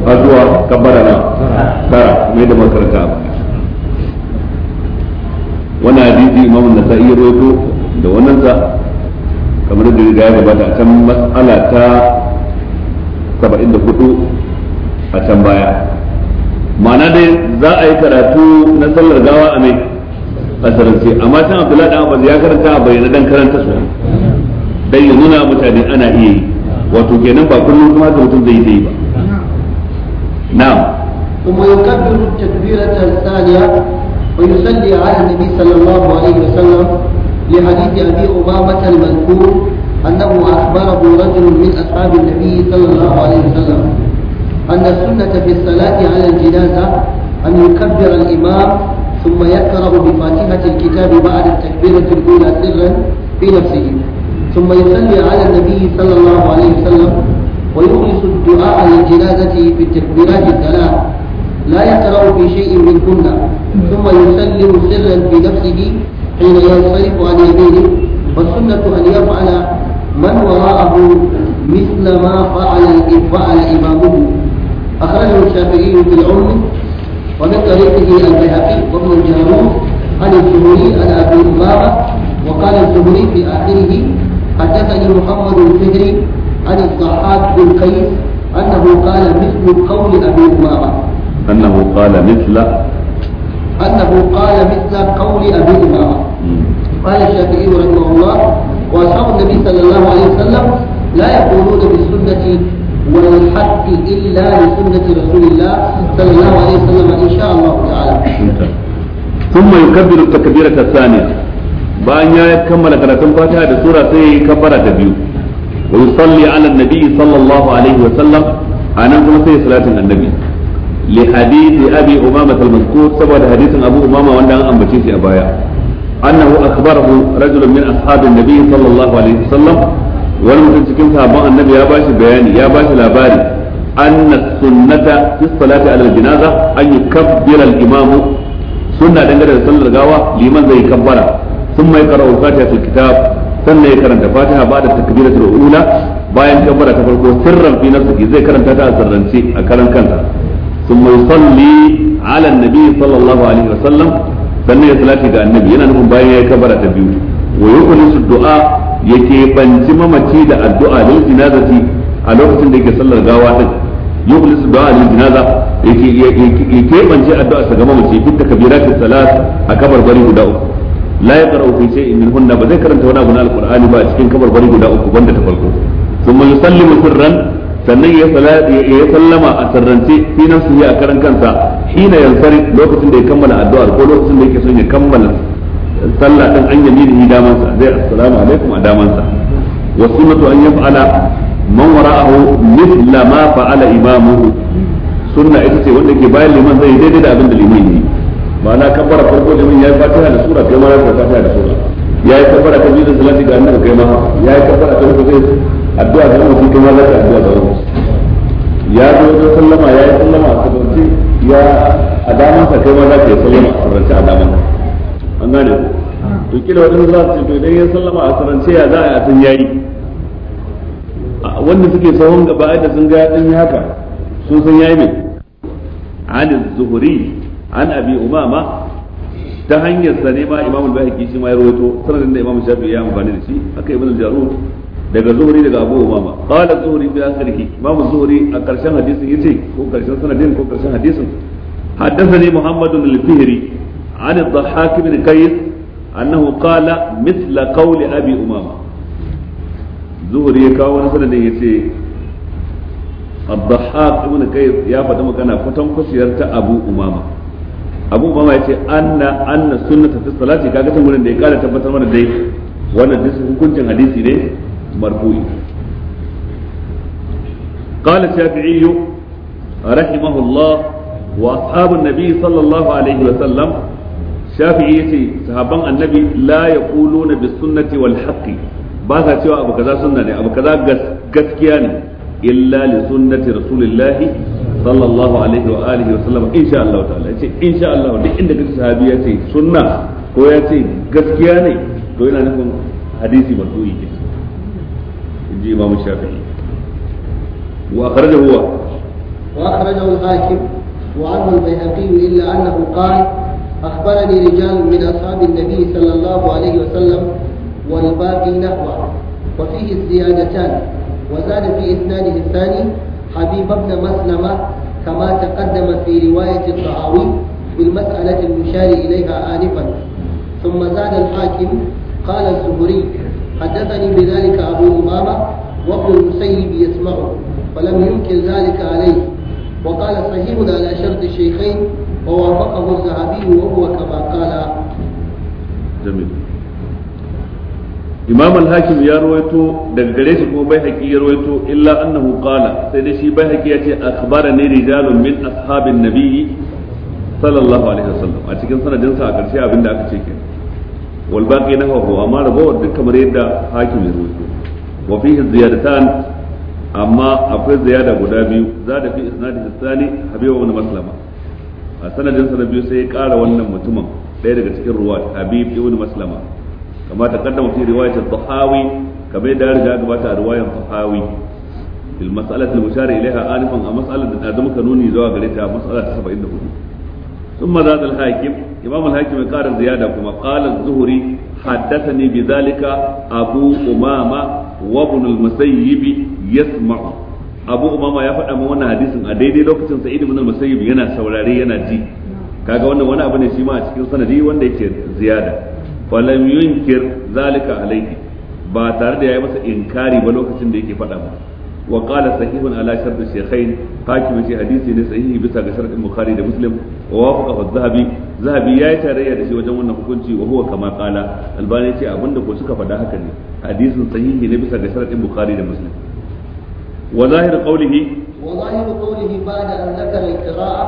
har zuwa kabbara na tara mai da makaranta wannan hadisi imam nasa'i ya rawaito da wannan sa kamar da riga ya gabata a can mas'ala ta 74 a can baya ma'ana dai za a yi karatu na sallar gawa a mai a sarance amma can abdullah da abbas ya karanta a bayyana dan karanta su dan yi nuna mutane ana iya yi wato kenan ba kullum kuma ka mutum zai yi ba نعم ثم يكبر التكبيرة الثانية ويصلي على النبي صلى الله عليه وسلم لحديث أبي أمامة المذكور أنه أخبره رجل من أصحاب النبي صلى الله عليه وسلم أن السنة في الصلاة على الجنازة أن يكبر الإمام ثم يقرأ بفاتحة الكتاب بعد التكبيرة الأولى سرا في نفسه ثم يصلي على النبي صلى الله عليه وسلم ويخلص الدعاء للجنازة بالتكبيرات الثلاث لا يقرأ في شيء منهن ثم يسلم سرا في نفسه حين ينصرف عن يمينه والسنة أن يفعل من وراءه مثل ما فعل فعل إمامه أخرجه الشافعي في العلم ومن طريقه البيهقي وابن الجارود عن الزهري عن أبي أمامة وقال الزهري في آخره حدثني محمد الفهري عن الضحاك بن قيس أنه قال مثل قول أبي أمامة أنه قال مثل أنه قال مثل قول أبي أمامة قال الشافعي رحمه الله وأصحاب النبي صلى الله عليه وسلم لا يقولون بالسنة والحق إلا لسنة رسول الله صلى الله عليه وسلم إن شاء الله تعالى ثم يكبر التكبيرة الثانية بأن يكمل kammala karatun بسورة كبرة sura wa yusalli ala annabi sallallahu alaihi wa sallam kuma sai salatin annabi li hadithi abi umama al-mazkur saboda hadithin abu umama wanda an ambace shi a baya annahu akhbarahu rajulun min ashabin nabi wani mutum cikin sabon annabi ya bashi bayani ya bashi labari anna sunnata fi salati ala al-janaza an yukabbira imamu suna dangane da sallar gawa liman zai kabbara sun mai karau kitab sannan ya karanta fatiha ba da takbiratul ula bayan kabbara ta farko sirran fi nafsihi zai karanta ta a sirrance a karan kansa ثم يصلي على النبي صلى الله عليه وسلم sannan ya salati ga annabi yana nufin bayan ya kabara ta biyu wa su du'a yake banci mamaci da addu'a lil jinazati a lokacin da yake sallar gawa din su du'a lil jinaza yake yake banci addu'a sa ga mamaci fi takbiratus salat a kabar bari guda uku la yaqra'u fi shay'in min hunna ba zai karanta wani abu na alqur'ani ba a cikin bari guda uku banda ta farko thumma yusallimu sirran sannan ya ya sallama a sarrance fi yi a karan kansa hina yansari lokacin da ya kammala addu'a ko lokacin da yake son ya kammala sallah din an yi yamini damansa zai assalamu alaikum a damansa wa sunnatu an yaf'ala man wara'ahu mithla ma fa'ala imamuhu sunna ita ce wanda ke bayan liman zai daidai da abin da liman ma'ana kabbara farko da ya yi fatiha da sura kai ma ka fatiha da sura ya yi kafara ta biyu da salati ga annabi kai ma ya yi kafara ta uku zai addu'a da mutum kai ma za ka addu'a da wani ya zo da sallama ya yi sallama a kasance ya a daman kai ma za ka yi sallama a rance a an gane to kila wajen za su ce to idan ya sallama a sarance ya za a yi a san yayi wanda suke sahun gaba da sun ga ya haka sun san yayi mai anil zuhuri an abi umama ta hanyar sa ne ma imam al-bahiki shi ma ya rawaito sanadin da imam shafi ya amfani da shi aka ibn jarud daga zuhri daga abu umama qala zuhri bi akhirih imam zuhri a karshen hadisin yace ko karshen sanadin ko karshen hadisin حدثني محمد الفهري عن الضحاك بن قيس أنه قال مثل قول أبي أمامة زهري كاو سنة يسي الضحاك بن قيس يا فتم كان فتم كسيرت أبو أمامة abu ba ma yace anna anna sunnata fi salati kaga tun gurin da ya kara tabbatar mana dai wannan duk hukuncin hadisi ne marfu'i قال الشافعي رحمه الله واصحاب النبي صلى الله عليه وسلم شافعي يتي النبي لا يقولون بالسنه والحق ba sa cewa abu kaza sunna ne abu kaza gaskiya ne illa li sunnati sallallahu alaihi wa alihi wa sallam insha Allah ta'ala yace insha Allah duk inda kace sahabi ya ce sunna ko ya ce gaskiya ne to yana nufin hadisi marfu'i ke inji Imam Shafi'i wa akhrajahu wa wa akhrajahu al-Hakim wa anhu al-Baihaqi illa annahu qala أخبرني رجال من أصحاب النبي صلى الله عليه وسلم والباقي نحوه وفيه الزيادتان وزاد في إسناده الثاني حبيب بن مسلمة كما تقدم في رواية الطهاوي في المسألة المشار إليها آنفا ثم زاد الحاكم قال الزهري حدثني بذلك أبو أمامة وابن المسيب يسمعه فلم ينكر ذلك عليه وقال صحيح على شرط الشيخين ووافقه الذهبي وهو كما قال جميل imam al-hakim ya rawaito daga gare shi kuma bai haƙi ya rawaito illa annahu qala sai da shi bai haƙi ya ce akhbarani rijalun min ashabin nabiyyi sallallahu alaihi wasallam a cikin sanadinsa a ƙarshe abin da aka ce kenan wal baqi nahu amma rabawar duk kamar yadda hakim ya rawaito wa fihi ziyadatan amma akwai ziyada guda biyu zada fi isnadihi thani habibu ibn maslama a sanadin na biyu sai ya ƙara wannan mutumin daya daga cikin ruwa habib ibn maslama kama ta kaddama fi riwayat al-Tahawi kamar da riga gabata a riwayar Tahawi fil mas'alat al-mushar ilaiha anifan a mas'alat da da muka nuni zuwa gare ta mas'alat 74 thumma zada al imam ya kuma qala az-zuhri حدثني بذلك أبو أمامة وابن المسيب يسمع أبو أمامة يفعل ما وانا حديث أديدي لو كتن سعيد بن المسيب ينا سولاري ينا جي kaga wannan wani abu ne shi ma a cikin sanadi wanda yake ziyara. falam yunkir zalika alayhi ba tare da yayi masa inkari ba lokacin da yake faɗa ba wa qala sahihun ala shart shaykhain hakim shi hadisi ne sahihi bisa ga sharadin bukhari da muslim wa wafaqa az-zahabi zahabi yayi tarayya da shi wajen wannan hukunci wa huwa kama qala albani ce abinda ko suka faɗa haka ne hadisin sahihi ne bisa ga sharadin bukhari da muslim wa zahir qawlihi wa zahir qawlihi ba'da an dhakara al-qira'a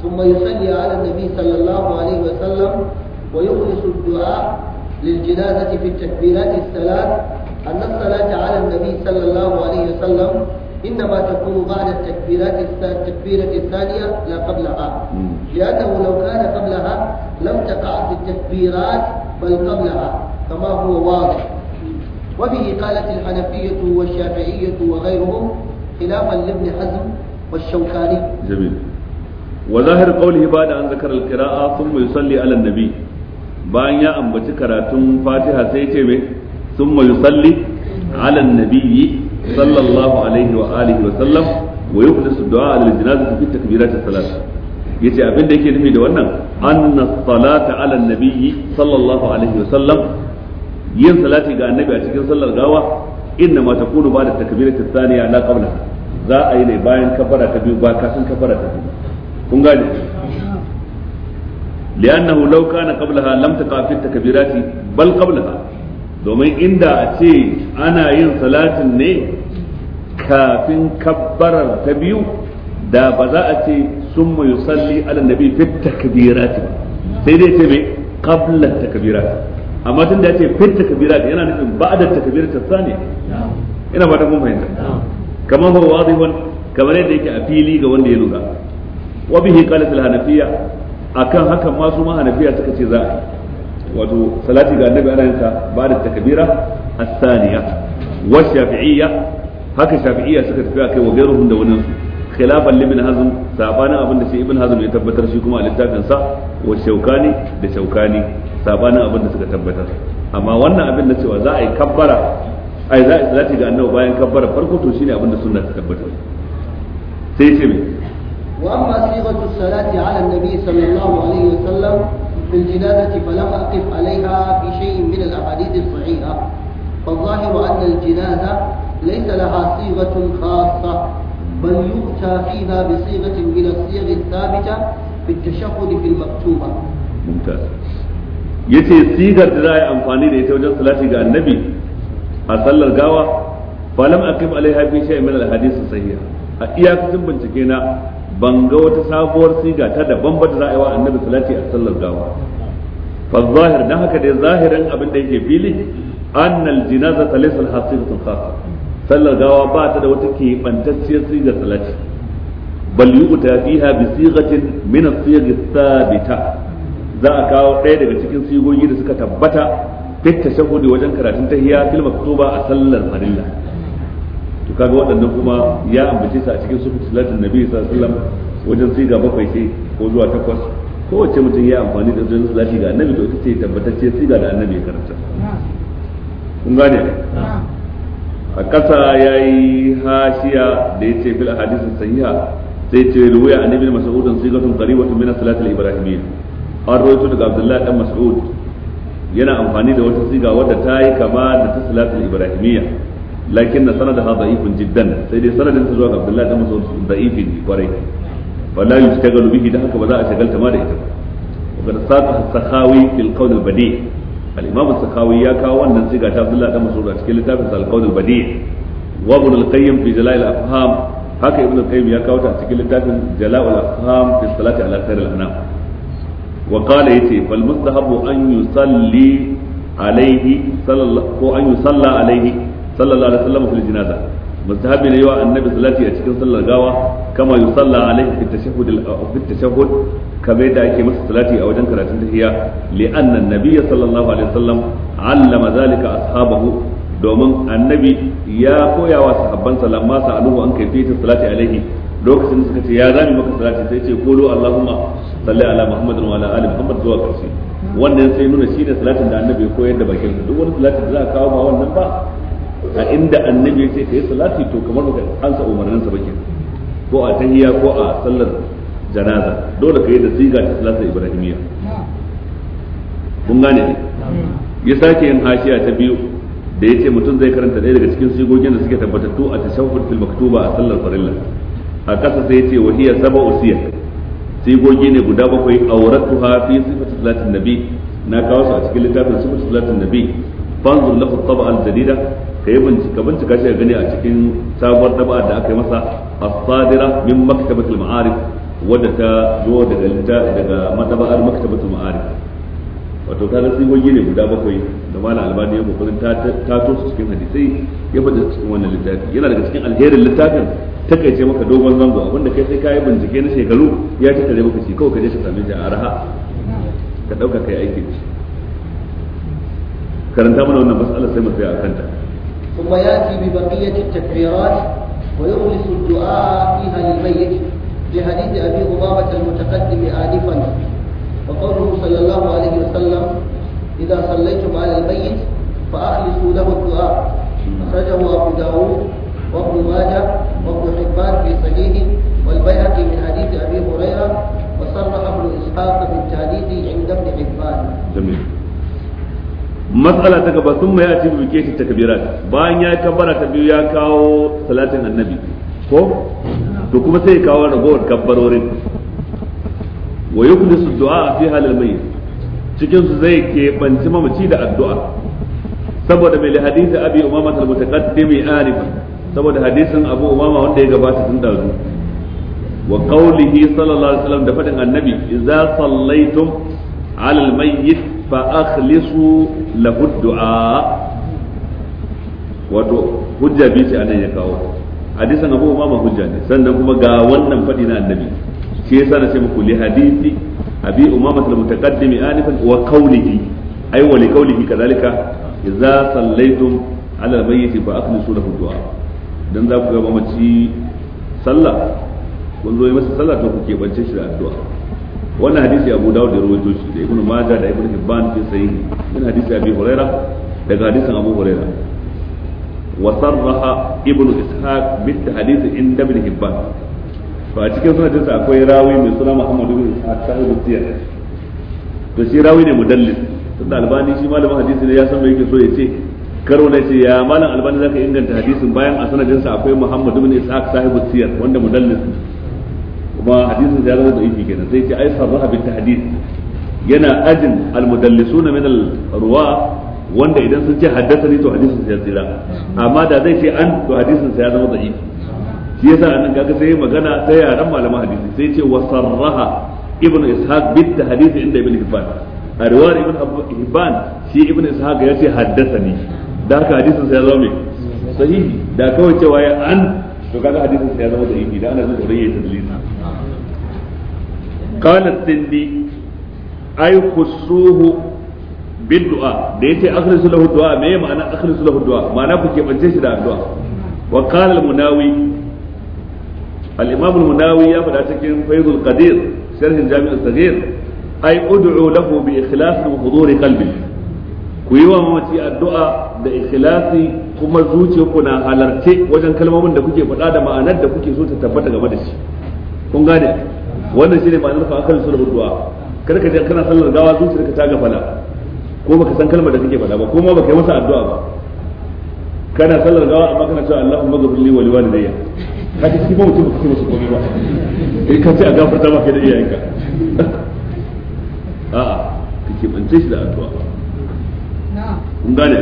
ثم يصلي على النبي صلى الله عليه وسلم ويخلص الدعاء للجنازة في التكبيرات الثلاث أن الصلاة على النبي صلى الله عليه وسلم إنما تكون بعد التكبيرات التكبيرة الثانية لا قبلها لأنه لو كان قبلها لم تقع في التكبيرات بل قبلها كما هو واضح وبه قالت الحنفية والشافعية وغيرهم خلافا لابن حزم والشوكاني جميل وظاهر قوله بعد أن ذكر القراءة ثم يصلي على النبي bayan ya ambaci karatun fatiha sai ce mai sun mai salli ala nabiyyi sallallahu alaihi wa alihi wa sallam wa yukhlisu du'a lil janazati fi takbirat as-salat yace abin da yake nufi da wannan anna salata ala nabiyyi sallallahu alaihi wa sallam yin salati ga annabi a cikin sallar gawa inna ma takunu ba da takbiratu thaniya la qabla za a yi ne bayan kafara ta biyu ba kafin kafara ta biyu kun gane li'annahu law kana qablaha lam taqa fi takbirati bal qablaha domin inda a ce ana yin salatin ne kafin kabbarar ta biyu da ba za a ce sun mai salli ala nabi fi takbirati sai dai ce mai qabla takbirati amma tun da ya ce fi takbirati yana nufin ba'da takbirati saniya ina ba ta kun fahimta kamar huwa wadiban kamar yadda yake a fili ga wanda ya lura wa bihi qalat al-hanafiyya akan hakan ma su ma hanafiya suka ce za a yi wato salati ga annabi ana yinsa ba da takbira as-saniya wa shafi'iyya haka shafi'iyya suka tafi akai wa gairuhum da wani khilafan limin hazm sabanin abin da shi ibn hazm ya tabbatar shi kuma a littafin sa wa shaukani da shaukani sabanin abin da suka tabbatar amma wannan abin da cewa za a yi kabbara ai za a yi salati ga annabi bayan kabbara farko to shine abin da sunna ta tabbatar sai ce وأما صيغة الصلاة على النبي صلى الله عليه وسلم في الجنازة فلم أقف عليها في شيء من الأحاديث الصحيحة فالظاهر أن الجنازة ليس لها صيغة خاصة بل يؤتى فيها بصيغة من الصيغ الثابتة في التشهد في المكتوبة ممتاز yace sigar da za a yi amfani da ita wajen salati ga annabi a sallar gawa falam الاحاديث الصحيحه. fi shay'in min alhadith a iyakacin bincike na ban ga wata sabuwar siga ta daban ba da za a yi wa annabi salati a sallar gawa fa zahir dan haka dai zahirin abin da yake fili annal jinazata laysa al-hasibatun khassa sallar gawa ba ta da wata keɓantacciyar sigar salati bal yu'ta fiha bi sighatin min as-sigh thabita za a kawo ɗaya daga cikin sigogi da suka tabbata fit tashahhudi wajen karatun tahiya fil maktuba a sallar farilla to kaga waɗannan kuma ya ambace su a cikin sufi salatin nabi sallallahu alaihi wasallam wajen siga bakwai ce ko zuwa takwas kowace mutum ya amfani da wajen salati ga annabi to ita ce tabbatacce siga da annabi ya karanta kun gane a ƙasa ya yi hashiya da ya ce fil hadisin sahiha sai ce ruwaya an ibn mas'ud sigatun qaribatun min salatil ibrahimiyya an rawaito daga abdullahi dan mas'ud yana amfani da wata siga wadda ta yi kama da ta salatul ibrahimiyya lakin na sanadaha da'ifun jiddan sai dai sanadin sa zuwa ga Abdullah da Mas'ud da'ifin kwarai wala yustagalu bihi da haka ba za a shagalta ma da ita wa kad saqa ya kawo wannan siga ta Abdullah da Mas'ud a cikin littafin al-qawl al-badi wa ibn al-qayyim fi jala'il afham haka ibn al-qayyim ya kawo ta a cikin littafin jala'ul afham fi salati ala khair al-anam wa qala yace fal mustahabu an yusalli alaihi sallallahu ko an yusalla alaihi sallallahu alaihi wasallam fil janaza mustahabi ne yawa annabi salati a cikin sallar gawa kama yusalla alaihi fi tashahhud uh, fi tashahhud kamar da ake masa salati a wajen karatun tahiyya li anna annabiyya sallallahu alaihi wasallam allama zalika ashabahu domin annabi ya koya wa sahabbansa lamma sa'aluhu an kayfiyatu salati alaihi lokacin da suka ce ya zami maka salati sai ce qulu allahumma salli ala muhammadin wa ala ali muhammad zuwa karshe wannan sai nuna shi ne salatin da annabi ya koyar da bakin duk wani salatin da za a kawo ba wannan ba a inda annabi ya ce yi salati to kamar baka ansa umarnin sa bakin ko a tahiya ko a sallar janaza dole kai da siga ta salatu ibrahimiyya kun gane ya sake yin hashiya ta biyu da ya ce mutum zai karanta daya daga cikin sigogin da suke tabbatattu a tashahhud fil maktuba a sallar farilla a kasa sai ya ce wa hiya saba usiya sigogi ne guda bakwai auratuha fi sifati salatin nabi na kawo su a cikin littafin sifati salatin nabi fanzur lahu taba al jadida kai bincika bincika shi gani a cikin sabuwar taba da aka yi masa as-sadira min maktabatil ma'arif wadda ta zo daga daga mataba'ar maktabatul ma'arif wato ta da sigogi ne guda bakwai da malam albani ya kokarin ta ta su cikin hadisai ya faɗi cikin wannan littafi yana daga cikin alherin littafin takaice maka dogon zango abinda kai sai ka yi bincike na shekaru ya ci tare maka shi kawai ka je ka same shi a araha ka ɗauka kai aiki da shi karanta mana wannan mas'ala sai mu tsaya a kanta kuma ya fi bi baqiyati takbirat wa yukhlisu du'a fiha lil mayyit li hadith abi umama al mutaqaddim alifan wa qawluhu sallallahu alayhi wa sallam idha sallaytu ma'al mayyit fa akhlisu lahu du'a akhrajahu abu daud وابن ماجه وابن حبان في صحيح والبيهقي من حديث ابي هريره وصرح ابن اسحاق بالتحديث عند ابن حبان. جميل. matsala ta gaba sun mai yaci buke shi ta kabirat bayan ya kabbara ta biyu ya kawo salatin annabi ko to kuma sai ya kawo ragowar kabbarorin wa yuklisu du'a fi halil mayyit cikin su zai keɓanci mamaci da addu'a saboda mai hadisi abi umama al mutaqaddimi arifa saboda hadisin abu umama wanda ya gabata tun dazu wa qawlihi sallallahu alaihi wasallam da fadin annabi idza sallaitum ala al mayyit fa akhlisu lahu wato hujja bi ce anan ya kawo hadisan Abu Umama hujja ne sannan kuma ga wannan fadi na annabi shi yasa na ce muku li hadisi abi umama al-mutaqaddimi anifan wa qawlihi ay wa li qawlihi kadhalika idza sallaytum ala al-mayyit fa akhlisu lahu du'a dan za ku ga mamaci sallah kun zo yi masa sallah to ku ke bance shi da addu'a wannan hadisi Abu Dawud da rawaito shi da Ibn Majah da Ibn Hibban fi sai min hadisi Abi Hurairah daga hadisin Abu Hurairah wa sarraha Ibn Ishaq bi hadisi inda ibnu Hibban to a cikin sunan sa akwai rawi mai suna Muhammad ibn Ishaq sahibu siyar to shi rawi ne mudallis tunda albani shi malamin hadisi ne ya san mai yake so ya ce karo ne ce ya malam albani zaka inganta hadisin bayan a sanadin sa akwai Muhammad ibn Ishaq sahibu siyar wanda mudallis ne kuma hadisin ya zama da ifi kenan sai ce ai sarraha bi tahdid yana ajin almudallisuna min alruwa wanda idan sun ce haddathani to hadisin sai ya tsira amma da zai ce an to hadisin sai ya zama da ifi shi yasa anan kaga sai magana ta yaran malaman hadisi sai ce wa sarraha ibnu ishaq bi tahdid inda ibnu hibban a riwayar ibnu hibban shi ibnu ishaq ya ce haddathani da haka hadisin sai ya zama sahihi da kawai cewa ya an to kaga hadisin sai ya zama da yi idan ana jin tsoron yayi tadlisi qala tindi ay khusuhu bil du'a da yace akhrisu lahu du'a me ma'ana akhrisu lahu du'a ma'ana ku ke bance shi da addu'a wa qala al munawi al imam al munawi ya fada cikin faizul qadir sharhin jami' al saghir ay ud'u lahu bi ikhlas wa hudur qalbi ku yi wa mamaci addu'a da ikhlasi kuma zuciyarku na halarce wajen kalmomin da kuke faɗa da ma'anar da kuke so ta tabbata game da shi kun gane wannan shine ma'anar fa akal sulhu du'a ka je kana sallar gawa zuciyarka ta gafala ko baka san kalmar da kake faɗa ba ko ma baka yi masa addu'a ba kana sallar gawa amma kana cewa Allahumma ghfir li wa li walidayya kaje shi ba mutum kuke masa komai ba eh ka ce a gafarta maka da iyayenka a'a kike bance shi da addu'a kun gane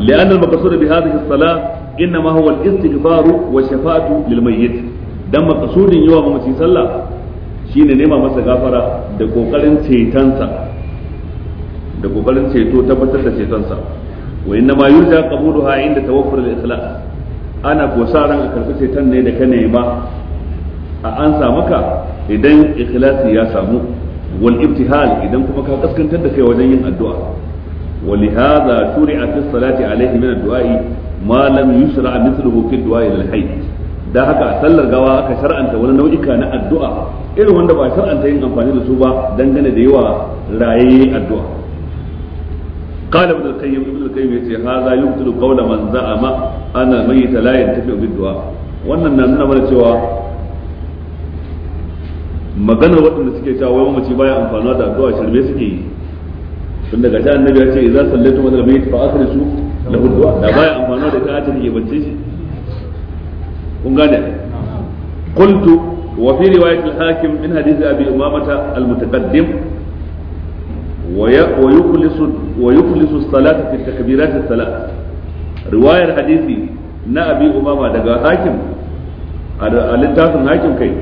li'anna al-maqsud bi hadhihi as-salah innama huwa al-istighfaru wa shafa'atu lil mayyit dan maqsudin yawa mamaci sallah shine nema masa gafara da kokarin cetonsa da kokarin ceto tabbatar da cetonsa wa inna ma yurja qabuluha inda tawaffur al-ikhlas ana ko sa ran a karbi ceton ne da ka nema a an samu ka idan ikhlasi ya samu wal ibtihal idan kuma ka kaskantar da kai wajen yin addu'a ولهذا شرع في الصلاة عليه من الدعاء ما لم يشرع مثله في الدعاء إلى الحي da haka a sallar gawa aka shar'anta wani nau'ika na addu'a irin wanda ba shar'anta yin amfani da su ba dangane da yawa raye addu'a qala ibn al-qayyim ibn al-qayyim yace hadha yuqtilu qawla man za'ama ana mayyit la yantafi bi du'a wannan na nuna mana cewa maganar waɗanda suke cewa wai mamaci baya amfanuwa da addu'a shirme suke yi tun daga ta annabi ya ce idza sallaitu madal bayt fa su lahu du'a da baya amfano da ta ta ke bacci shi kun gane qultu wa fi riwayat al-hakim min hadith abi umamata al-mutaqaddim ويخلص ويخلص الصلاة في التكبيرات الثلاث رواية الحديث na abi umama daga hakim a littafin hakim kai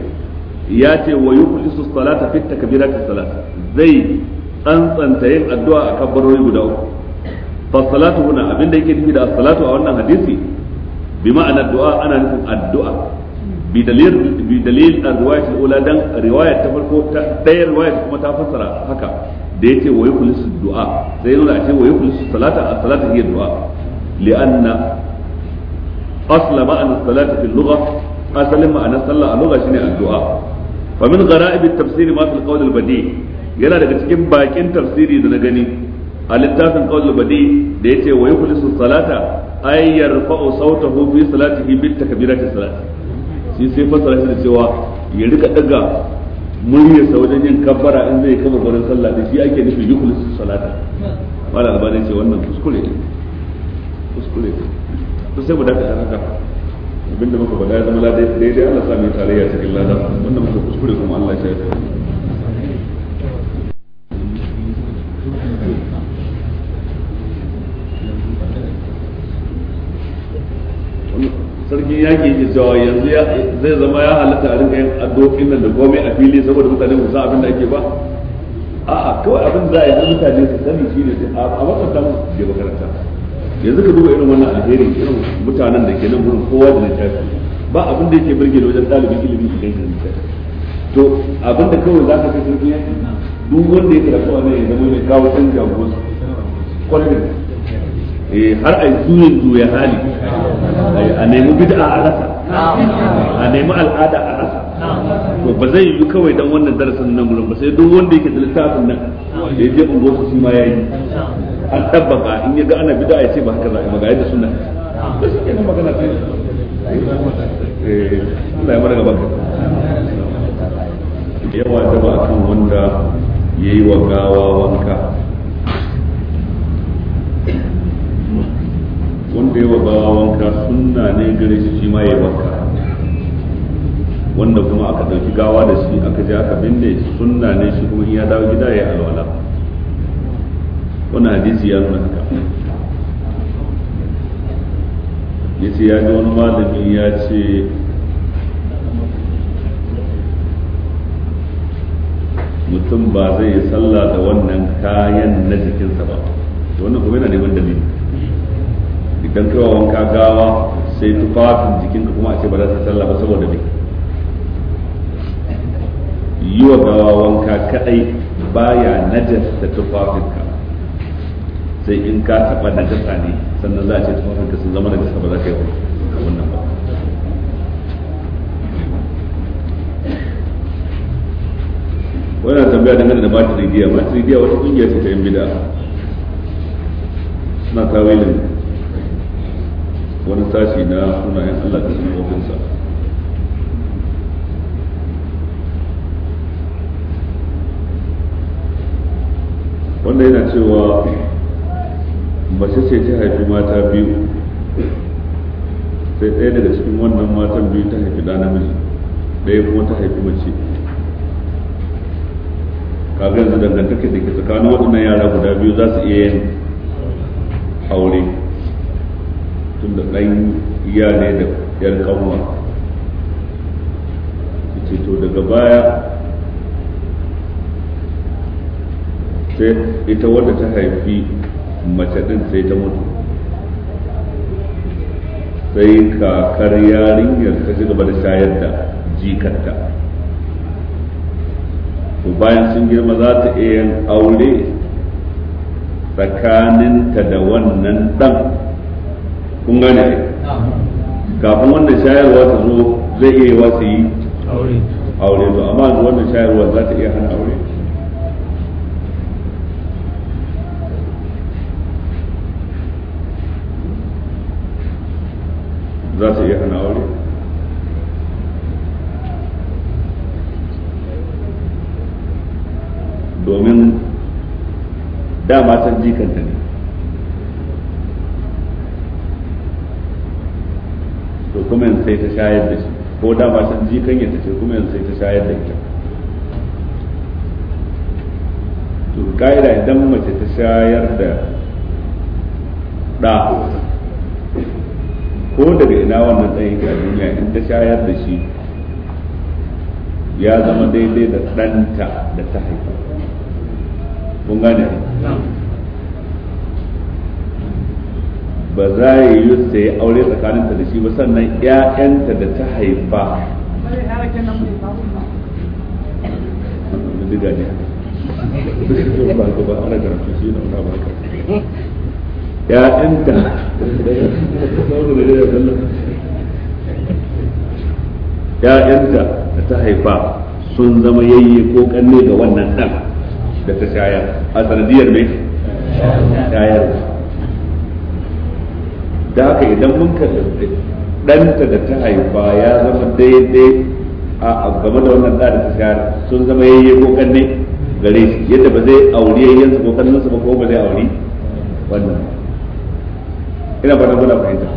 ya ce wa yukhlisu salata fi takbirati salat zai tsantsanta yin addu'a a kabbarori guda uku fasalatu huna abin da yake nufi da as-salatu a wannan hadisi bi ma'ana addu'a ana nufin addu'a bi dalil bi dalil ar-riwayat al-ula dan riwayat ta farko ta daya riwayat kuma ta fassara haka da yace wa yukhlisu du'a sai nuna ce wa yukhlisu salata as-salatu hiya du'a li'anna asla ma'ana salatu salati fil lugha asalin ma'anar sallah a lugha shine addu'a fa min gharaib at-tafsir ma fil qawl al-badi' yana daga cikin bakin tafsiri da na gani a littafin qawl badi da yace wa yukhlisu salata ay yarfa'u sautahu fi salatihi bit takbirati salati shi sai fasara shi da cewa ya rika daga murya sa wajen yin kabbara in zai kama gurin sallah da shi ake nufi yukhlisu salata wala albani ce wannan kuskure ne kuskure ne to sai mu dakata haka abinda muka faɗa ya zama ladai daidai Allah sami tarayya cikin lada wannan muka kuskure kuma Allah ya shafe sarkin yaƙi yake cewa yanzu zai zama ya halatta a rinka yin addu'o'in nan da komai a fili saboda mutane musa abin da ake ba a'a kawai abin za a yi mutane su sani shi ne a makaranta mu je makaranta yanzu ka duba irin wannan alheri irin mutanen da ke nan gurin kowa da littafi ba abin da yake birge da wajen ɗalibin ilimi idan ka littafi to abin da kawai za ka kai sarkin yaƙi duk wanda ya karatu a nan ya zama mai kawo canji a gosu kwarai Eh, har a yi juyin zuwa hali eh, a nemi bid'a a rasa a nemi al'ada a rasa to ba zai yi kawai dan wannan darasin nan gurin ba sai duk wanda yake da littafin nan da yake ungo su shi ma yi an tabbaka in ya ga ana bid'a ya ce ba haka za a yi ba ga yadda shi kenan magana eh, Allah ya mara gaba yawa da ba wanda yayi wa gawa wanka wanda ya bawa wanka sunna ne gare shi shi ma ya wanka wanda kuma aka ɗauki gawa da shi aka je aka binne sunna ne shi kuma ya dawo gida ya alwala Wani hadisi ya nuna haka ya ce ya ga wani malami ya ce mutum ba zai yi sallah da wannan kayan na jikinsa ba wannan kuma yana neman dalili idan kawai wanka gawa sai tufafin jikinka kuma a ce ba za ta sallah ba saboda me yi wa gawa wanka kadai baya najasta tufafinka sai in ka taba najasa ne sannan za a ce tufafinka sun zama najasa ba za ka yi wannan ba wani tambaya dangane da matiridiyya matiridiyya wata kungiya ce ta yin bida suna tawilin wani sashi na sunayen Allah da ofinsa wanda yana cewa mace ce ta haifi mata biyu sai ɗaya daga cikin wannan matan biyu ta haifi ɗa namiji ɗaya kuma ta haifi mace kafin yanzu dangantakar da ke tsakanin waɗannan yara guda biyu za su iya yin aure tunda ɗan iya ne da yan kanwa ce to daga baya sai ita wanda ta haifi mace ɗin sai ta mutu sai kakar yarinyar ta ci gaba da shayar da jikanta to bayan sun girma za ta iya yin aure tsakaninta da wannan ɗan kun gane ne kafin wannan shayarwa ta zo zai iya yi wasu yi aure to amma wannan shayarwa za ta iya hana aure za ta iya hana aure domin dama ta jikanta ne kuma yanzu sai ta shayar da shi ko da ba san jikan ya ce kuma yanzu sai ta shayar da ita to kaida idan mace ta shayar da da ko daga ina wannan ɗan yake a duniya in ta shayar da shi ya zama daidai da ɗanta da ta haifa kun gane ne ba za a yi ta ya aure tsakaninta da shi ba sannan ‘ya'yanta da ta haifa ‘ya'yanta da ta haifa sun zama yayye ko kanne ga wannan ɗan da ta shayar a sanadiyar mai shayarwa da haka idan mun kalli ɗanta da ta haifa ya zama daidai a game da wannan da ta shayar sun zama yayye ko kanne gare shi yadda ba zai aure yayyen su ko kanne su ba ko ba zai aure wannan ina ba muna fahimta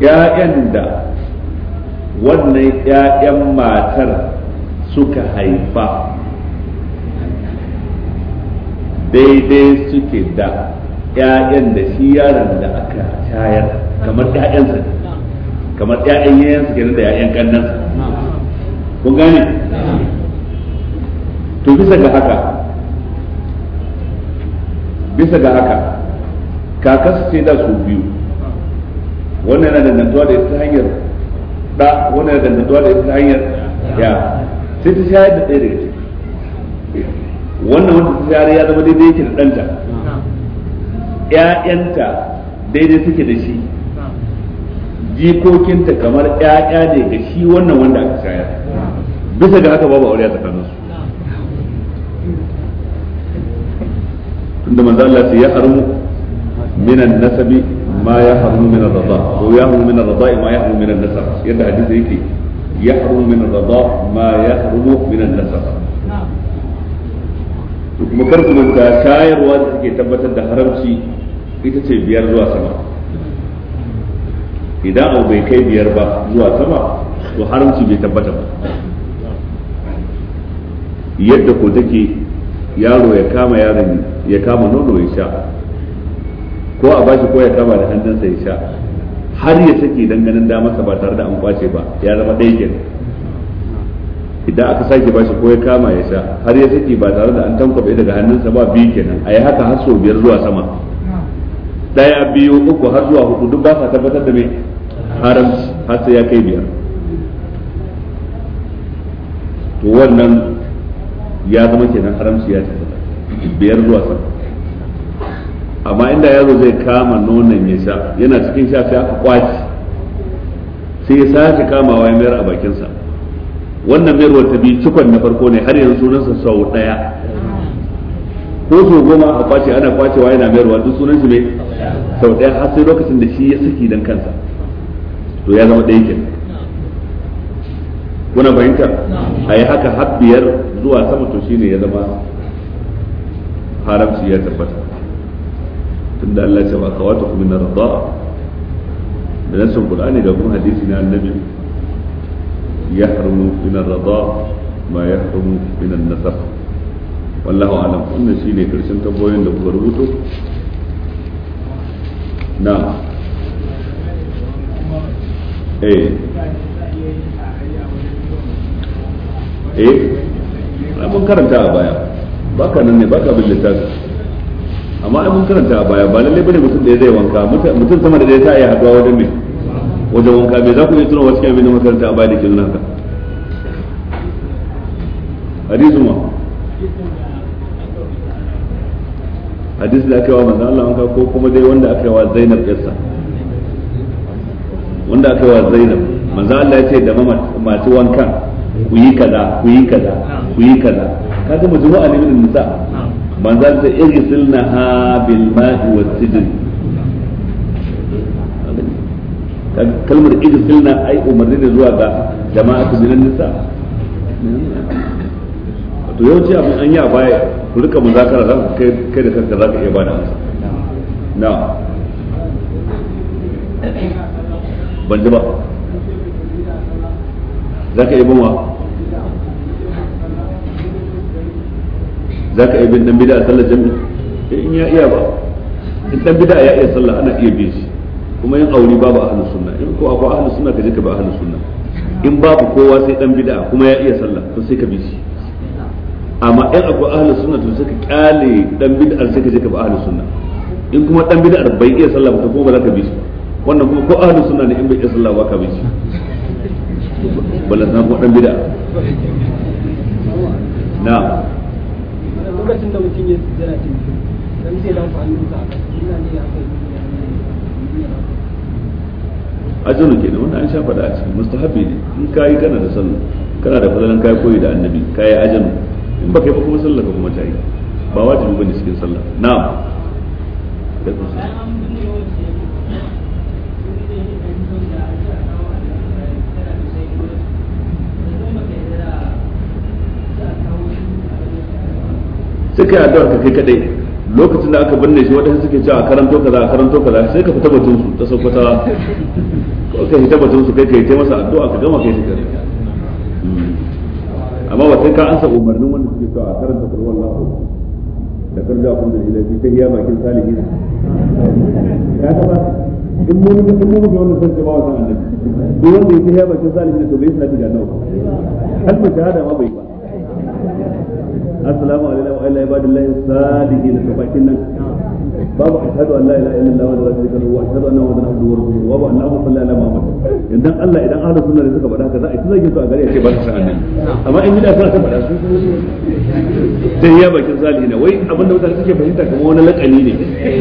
ƴaƴan da wannan ƴaƴan matar suka haifa daidai suke da ya'yan da shi yaron da aka shayar kamar ƴaƴansa kamar ‘ya’yan yayansa gani da ‘ya’yan kannansa kun gane to bisa ga haka bisa ga haka kakas ce da su biyu wannan yana dangantuwa da ita hanyar da wannan yana dangantuwa da ita hanyar ya sai ta shayar da ɗaya daga ciki wannan wanda ta shayar ya zama daidai yake da ɗanta ƴaƴanta daidai suke da shi jikokinta kamar ƴaƴa ne ga shi wannan wanda aka shayar bisa ga haka babu aure a tsakaninsu tunda manzo Allah sai ya harmu minan nasabi ma ya harmu minan ar ko ya harmu minan ar ma ya harmu minan nasab yadda hadisi yake ya harmu minan ar ma ya harmu minan nasab to kuma kar ku manta shayarwa da take tabbatar da haramci ita ce biyar zuwa sama idan abu bai kai biyar ba zuwa sama to haramci bai tabbata ba yadda ko take yaro ya kama yaron ya kama nono ya sha ko a bashi ko ya kama da hannunsa ya sha har ya sake danganin damarsa ba tare da an kwace ba ya zama ɗaya idan aka sake bashi ko ya kama ya sha har ya sake ba tare da an tankwabe daga hannunsa ba biyu kenan a yi haka har sau biyar zuwa sama daya biyu uku har zuwa hudu duk ba sa tabbatar da mai haramci har sai ya kai biyar to wannan ya zama kenan haramci ya tabbata biyar zuwa sa. amma inda yaro zai kama nonon ya sha yana cikin sha sai aka kwaci sai ya sake kamawa ya mayar a bakinsa wannan mayar ta biyu cikon na farko ne har yanzu sunansa sau daya ko sau goma a kwace ana kwacewa yana mayarwa duk sunan shi mai sau ɗaya har sai lokacin da shi ya saki dan kansa to ya zama ɗaya kenan kuna fahimta a yi haka har biyar zuwa sama to shine ya zama haramci ya tabbata tunda Allah ya ce ba kawata kuma na rada'a da nasin Qur'ani da kuma hadisi na annabi yahrumu min ar-rada'a ma yahrumu min an-nasab wallahu a'lam wannan shine karshen tabboyin da kuka rubuto na eh eh mun karanta a baya baka nan ne baka bin littafi amma ai mun karanta a baya ba lalle bane mutum da ya zai wanka mutum sama da ya sa ya haduwa wajen mai wajen wanka me za ku yi tunawa cikin abin da makaranta a baya da ke nuna haka hadisu ma hadisi da aka yi wa manzan Allah wanka ko kuma dai wanda aka yi wa Zainab yasa wanda aka yi wa Zainab manzan Allah ya ce da masu wankan ku yi kaza ku yi kaza ku yi kaza kaga majmu'a a min nisa manzon ta silna ha bil ma'i was sijin kalmar silna ai umarni ne zuwa ga jama'a minan nisa to yawanci abin an yi a baya ku rika muzakara za ku kai da kanka za ka iya bada amsa na ban ji ba za ka iya bin wa za ka iya bin dan bida a sallar jami'a eh, in ya iya ba in dan bida ya iya sallah ana iya bin shi kuma yin aure babu hannun sunna in ko akwai hannun sunna ka je ka bi hannun sunna in babu kowa sai dan bid'a kuma ya iya sallah to sai ka bi shi amma in akwai ahlus sunna to sai ka kyale dan bid'ar sai ka je ka bi ahlus sunna in kuma dan bid'ar bai iya sallah ba ko ba za ka bi shi wannan kuma ko ahlus sunna ne in bai iya sallah ba ka bi shi balla san ko dan bid'a na lokacin da mutum ya jira dan sai dan ta ina ne ya kai kenan wannan an sha da a cikin mustahabi ne in kayi kana da sallah kana da fadalan kai koyi da annabi kayi ajinu in baka yi ba kuma sallah kuma ta yi ba wajibi bane cikin sallah na'am suka yi addu'ar ka kai kadai lokacin da aka binne shi waɗansu suke cewa a karanto kaza a karanto kaza sai ka fita batun su ta sakwata ka fita batun su kai kai ta masa addu'a ka gama kai shi kare. amma ba sai ka ansa umarnin wanda suke cewa a karanta qul wallahu da karja kun da bakin in mun ga mun ga wannan sai ba wannan annabi duk wanda yake bakin to bai nawa shahada ma bai ba assalamu alaikum wa rahmatullahi wa barakatuh bakin nan babu ashhadu an la ilaha illallah wa la sharika lahu wa ashhadu anna muhammadan abduhu wa rasuluhu wa anna muhammadan sallallahu alaihi wa sallam idan Allah idan ahlu sunna ne suka faɗa haka za a yi zagin su a gare ya ce ba su sa'an nan amma in bid'a suna ta faɗa su sai ya bakin salihi ne wai abin da mutane suke fahimta kamar wani lakani ne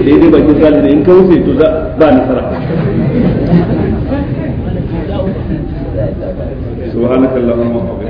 daidai bakin salihi ne in ka wuce to za ba nasara سبحانك اللهم